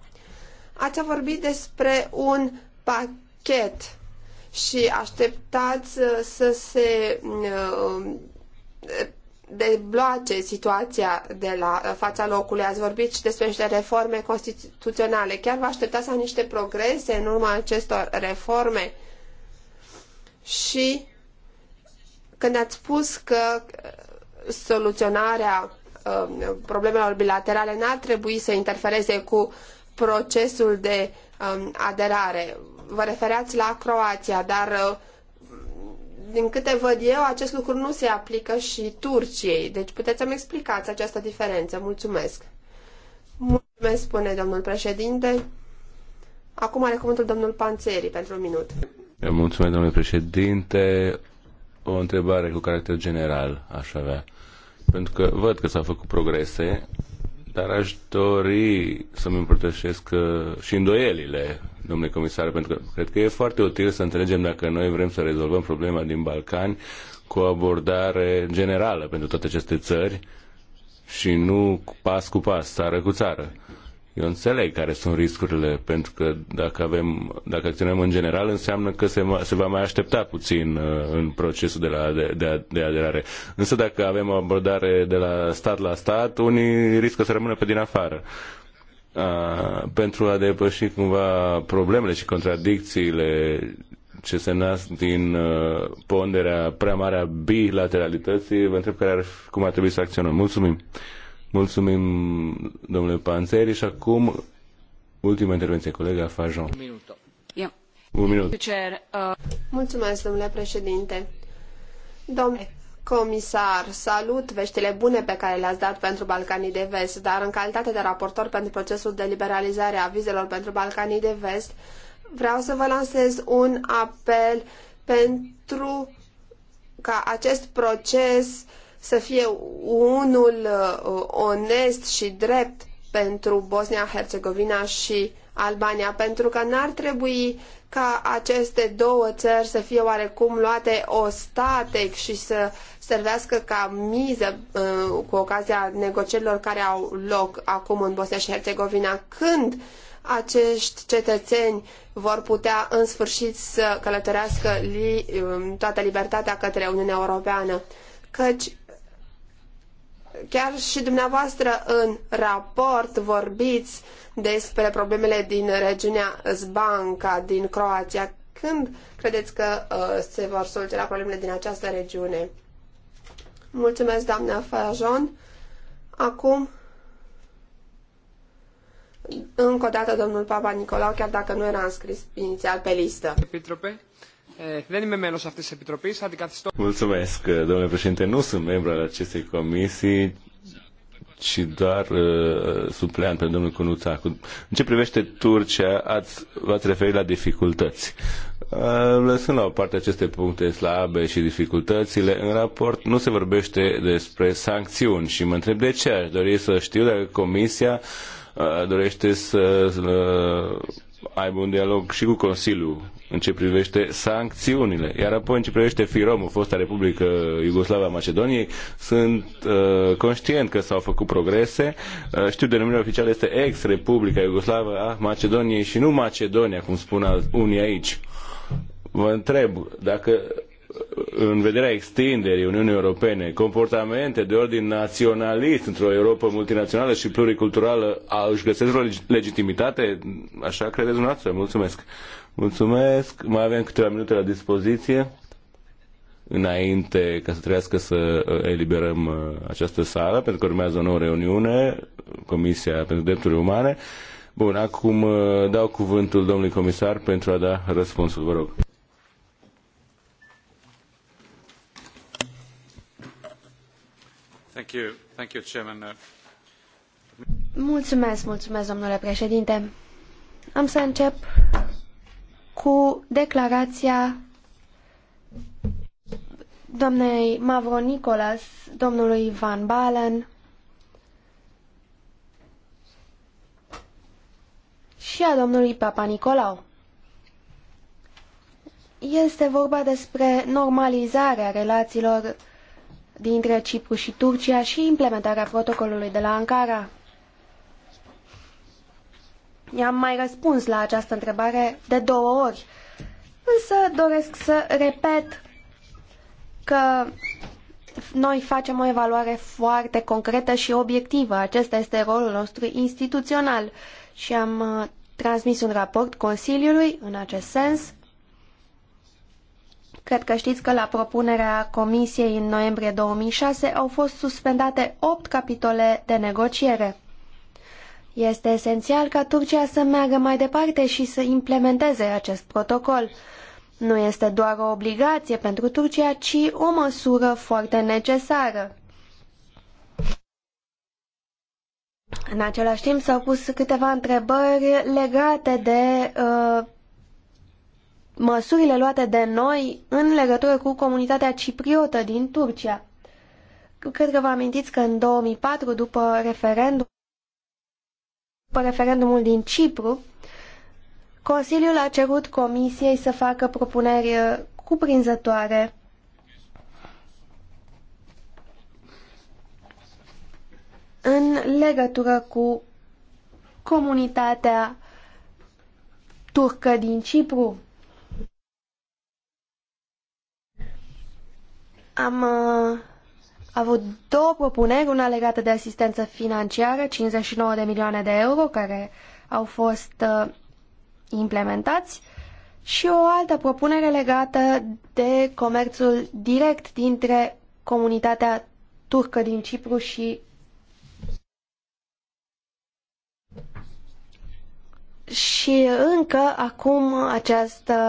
Ați vorbit despre un pachet și așteptați uh, să se uh, debloace situația de la uh, fața locului. Ați vorbit și despre niște reforme constituționale. Chiar vă așteptați la niște progrese în urma acestor reforme? Uh, și când ați spus că uh, soluționarea um, problemelor bilaterale n-ar trebui să interfereze cu procesul de um, aderare. Vă refereați la Croația, dar uh, din câte văd eu, acest lucru nu se aplică și Turciei. Deci puteți să-mi explicați această diferență. Mulțumesc. Mulțumesc, spune domnul președinte. Acum are cuvântul domnul Panțeri pentru un minut. Mulțumesc, domnule președinte. O întrebare cu caracter general aș avea. Pentru că văd că s-au făcut progrese, dar aș dori să-mi împărtășesc uh, și îndoielile, domnule comisar, pentru că cred că e foarte util să înțelegem dacă noi vrem să rezolvăm problema din Balcani cu o abordare generală pentru toate aceste țări și nu pas cu pas, țară cu țară eu înțeleg care sunt riscurile, pentru că dacă, avem, dacă acționăm în general, înseamnă că se, se va mai aștepta puțin uh, în procesul de, la, de, de, de aderare. Însă dacă avem o abordare de la stat la stat, unii riscă să rămână pe din afară. A, uh, pentru a depăși cumva problemele și contradicțiile ce se nasc din uh, ponderea prea mare a bilateralității, vă întreb care ar, cum ar trebui să acționăm. Mulțumim! Mulțumim, domnule Panzeri, și acum ultima intervenție, colega Fajon. Un minut. Un minut. Uh, Mulțumesc, domnule președinte. Domnule comisar, salut veștile bune pe care le-ați dat pentru Balcanii de Vest, dar în calitate de raportor pentru procesul de liberalizare a vizelor pentru Balcanii de Vest, vreau să vă lansez un apel pentru ca acest proces uh, să fie unul uh, onest și drept pentru Bosnia-Herzegovina și Albania, pentru că n-ar trebui ca aceste două țări să fie oarecum luate ostatec și să servească ca miză uh, cu ocazia negocierilor care au loc acum în Bosnia și Herțegovina, când acești cetățeni vor putea în sfârșit să călătorească li, um, toată libertatea către Uniunea Europeană. Căci chiar și dumneavoastră în raport vorbiți despre problemele din regiunea Zbanca, din Croația. Când credeți că uh, se vor soluționa problemele din această regiune? Mulțumesc, doamna Fajon. Acum, încă o dată, domnul Papa Nicolau, chiar dacă nu era înscris inițial pe listă. Epitrope? Eh, δεν είμαι μέλος αυτής της Επιτροπής, αντικαθιστώ... Mulțumesc, eh, domnule președinte. Nu sunt membru al acestei comisii, ci doar uh, eh, suplean pe domnul Cunuțacu. În ce privește Turcia, ați, v-ați referit la dificultăți. Uh, lăsând la o parte aceste puncte slabe și dificultățile, în raport nu se vorbește despre sancțiuni și mă întreb de ce aș dori să știu dacă Comisia uh, dorește să uh, aibă un dialog și cu Consiliul în ce privește sancțiunile. Iar apoi în ce privește FIROM, fosta Republică Iugoslava Macedoniei, sunt uh, conștient că s-au făcut progrese. Uh, știu denumirea oficială este ex-Republica Iugoslavă a Macedoniei și nu Macedonia, cum spun unii aici. Vă întreb dacă în vederea extinderii Uniunii Europene, comportamente de ordin naționalist într-o Europa multinațională și pluriculturală au își găsesc o legitimitate? Așa credeți dumneavoastră? Mulțumesc! Mulțumesc! Mai avem câteva minute la dispoziție înainte ca să trească să uh, eliberăm uh, această sală, pentru că urmează o nouă reuniune, Comisia pentru Drepturile Umane. Bun, acum uh, dau cuvântul domnului comisar pentru a da răspunsul, vă rog. Uh, domnule președinte. Am să încep cu declarația doamnei Mavro domnului Van Balen și a domnului Papa Nicolau. Este vorba despre normalizarea relațiilor dintre Cipru și Turcia și implementarea protocolului de la Ankara. I-am mai răspuns la această întrebare de două ori, însă doresc să repet că noi facem o evaluare foarte concretă și obiectivă. Acesta este rolul nostru instituțional și am uh, transmis un raport Consiliului în acest sens Cred că știți că la propunerea Comisiei în noiembrie 2006 au fost suspendate opt capitole de negociere. Este esențial ca Turcia să meargă mai departe și să implementeze acest protocol. Nu este doar o obligație pentru Turcia, ci o măsură foarte necesară. În același timp s-au pus câteva întrebări legate de uh, măsurile luate de noi în legătură cu comunitatea cipriotă din Turcia. Cred că vă amintiți că în 2004, după referendum, după referendumul din Cipru, Consiliul a cerut Comisiei să facă propuneri uh, cuprinzătoare în legătură cu comunitatea turcă din Cipru. Am uh, avut două propuneri, una legată de asistență financiară, 59 de milioane de euro, care au fost uh, implementați, și o altă propunere legată de comerțul direct dintre comunitatea turcă din Cipru și și încă acum această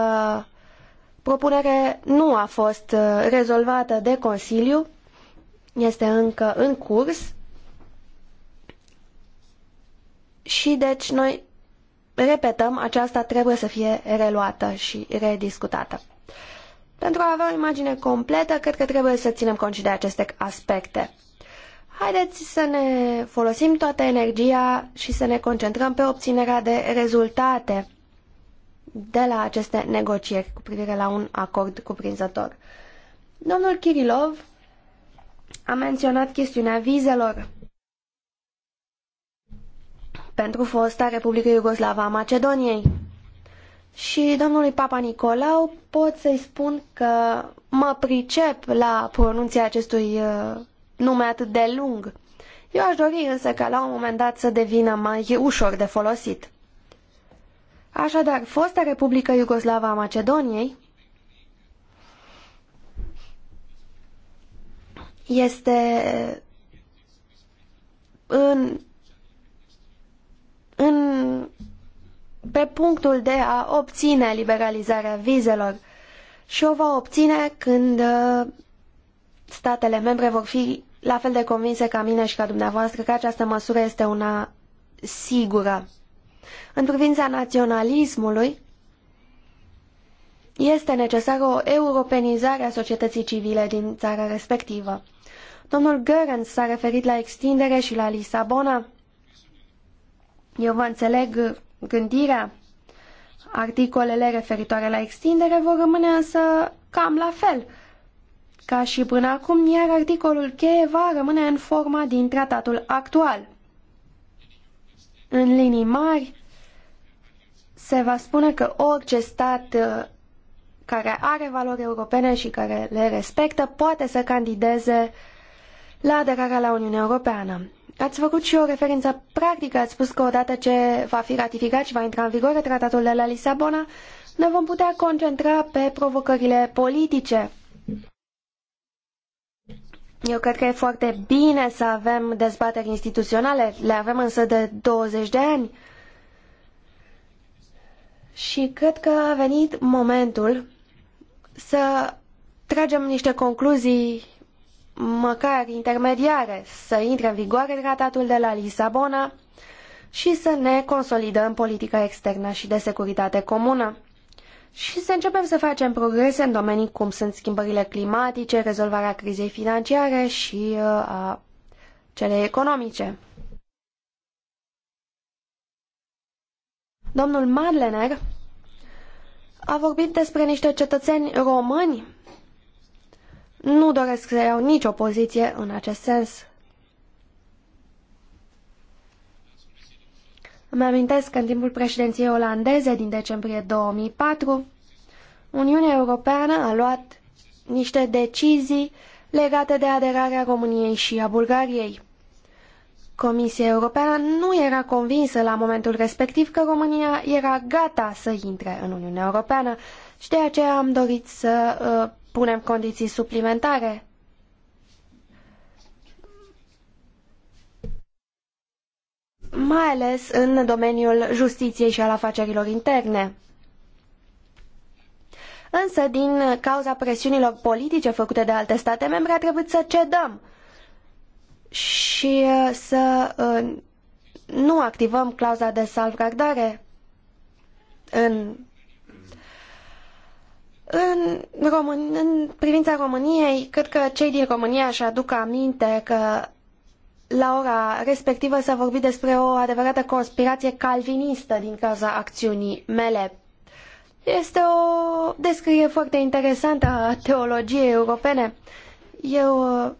propunere nu a fost uh, rezolvată de Consiliu, este încă în curs și deci noi repetăm, aceasta trebuie să fie reluată și rediscutată. Pentru a avea o imagine completă, cred că trebuie să ținem cont și de aceste aspecte. Haideți să ne folosim toată energia și să ne concentrăm pe obținerea de rezultate de la aceste negocieri cu privire la un acord cuprinzător. Domnul Kirilov a menționat chestiunea vizelor pentru fosta Republică Iugoslava a Macedoniei. Și domnului Papa Nicolau pot să-i spun că mă pricep la pronunția acestui uh, nume atât de lung. Eu aș dori însă ca la un moment dat să devină mai ușor de folosit. Așadar, fosta Republică Iugoslava a Macedoniei este în, în, pe punctul de a obține liberalizarea vizelor și o va obține când uh, statele membre vor fi la fel de convinse ca mine și ca dumneavoastră că această măsură este una sigură. În privința naționalismului, este necesară o europenizare a societății civile din țara respectivă. Domnul Görens s-a referit la extindere și la Lisabona. Eu vă înțeleg gândirea. Articolele referitoare la extindere vor rămâne însă cam la fel ca și până acum, iar articolul cheie va rămâne în forma din tratatul actual. În linii mari, se va spune că orice stat uh, care are valori europene și care le respectă poate să candideze la aderarea la Uniunea Europeană. Ați făcut și o referință practică, ați spus că odată ce va fi ratificat și va intra în vigoare tratatul de la Lisabona, ne vom putea concentra pe provocările politice. Eu cred că e foarte bine să avem dezbateri instituționale, le avem însă de 20 de ani. Și cred că a venit momentul să tragem niște concluzii măcar intermediare, să intre în vigoare tratatul de la Lisabona și să ne consolidăm politica externă și de securitate comună și să începem să facem progrese în domenii cum sunt schimbările climatice, rezolvarea crizei financiare și uh, a celei economice. Domnul Madlener a vorbit despre niște cetățeni români. Nu doresc să iau nicio poziție în acest sens. Îmi amintesc că în timpul președinției olandeze din decembrie 2004, Uniunea Europeană a luat niște decizii legate de aderarea României și a Bulgariei. Comisia Europeană nu era convinsă la momentul respectiv că România era gata să intre în Uniunea Europeană și de aceea am dorit să uh, punem condiții suplimentare. mai ales în domeniul justiției și al afacerilor interne. Însă, din cauza presiunilor politice făcute de alte state membre, a trebuit să cedăm uh, și uh, să uh, nu activăm clauza de salvgardare în în, Român... în privința României, cred că cei din România își aduc aminte că la ora respectivă s-a vorbit despre o adevărată conspirație calvinistă din cauza acțiunii mele. Este o descriere foarte interesantă a teologiei europene. Eu uh,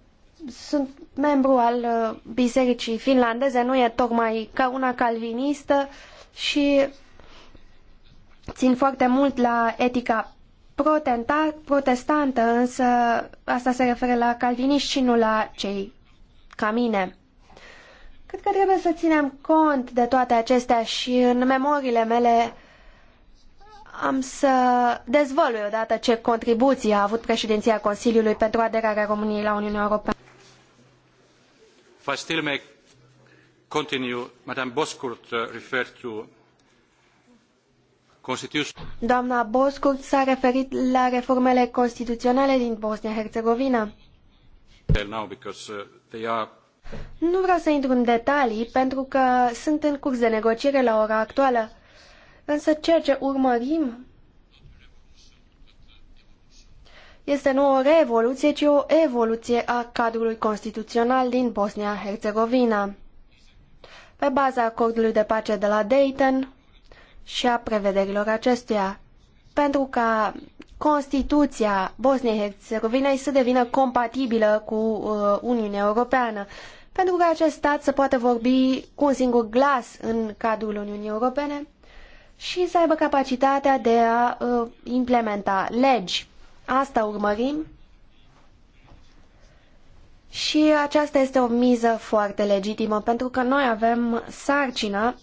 sunt membru al uh, bisericii finlandeze, nu e tocmai ca una calvinistă și țin foarte mult la etica protestantă, însă asta se referă la calviniști și nu la cei ca mine. Cred că trebuie să ținem cont de toate acestea și în memoriile mele am să dezvălui odată ce contribuții a avut președinția Consiliului pentru aderarea României la Uniunea Europeană if i still may continue madam bozkurt uh, referred to Doamna Boscurt s-a referit la reformele constituționale din Bosnia-Herzegovina. Uh, nu vreau să intru în detalii, pentru că sunt în curs de negociere la ora actuală. Însă ceea ce urmărim este nu o revoluție, ci o evoluție a cadrului constituțional din Bosnia-Herzegovina. Pe baza acordului de pace de la Dayton și a prevederilor acestuia, pentru ca Constituția Bosniei-Herzegovinei să devină compatibilă cu uh, Uniunea Europeană, pentru ca acest stat să poată vorbi cu un singur glas în cadrul Uniunii Europene și să aibă capacitatea de a uh, implementa legi. Asta urmărim și aceasta este o miză foarte legitimă, pentru că noi avem sarcina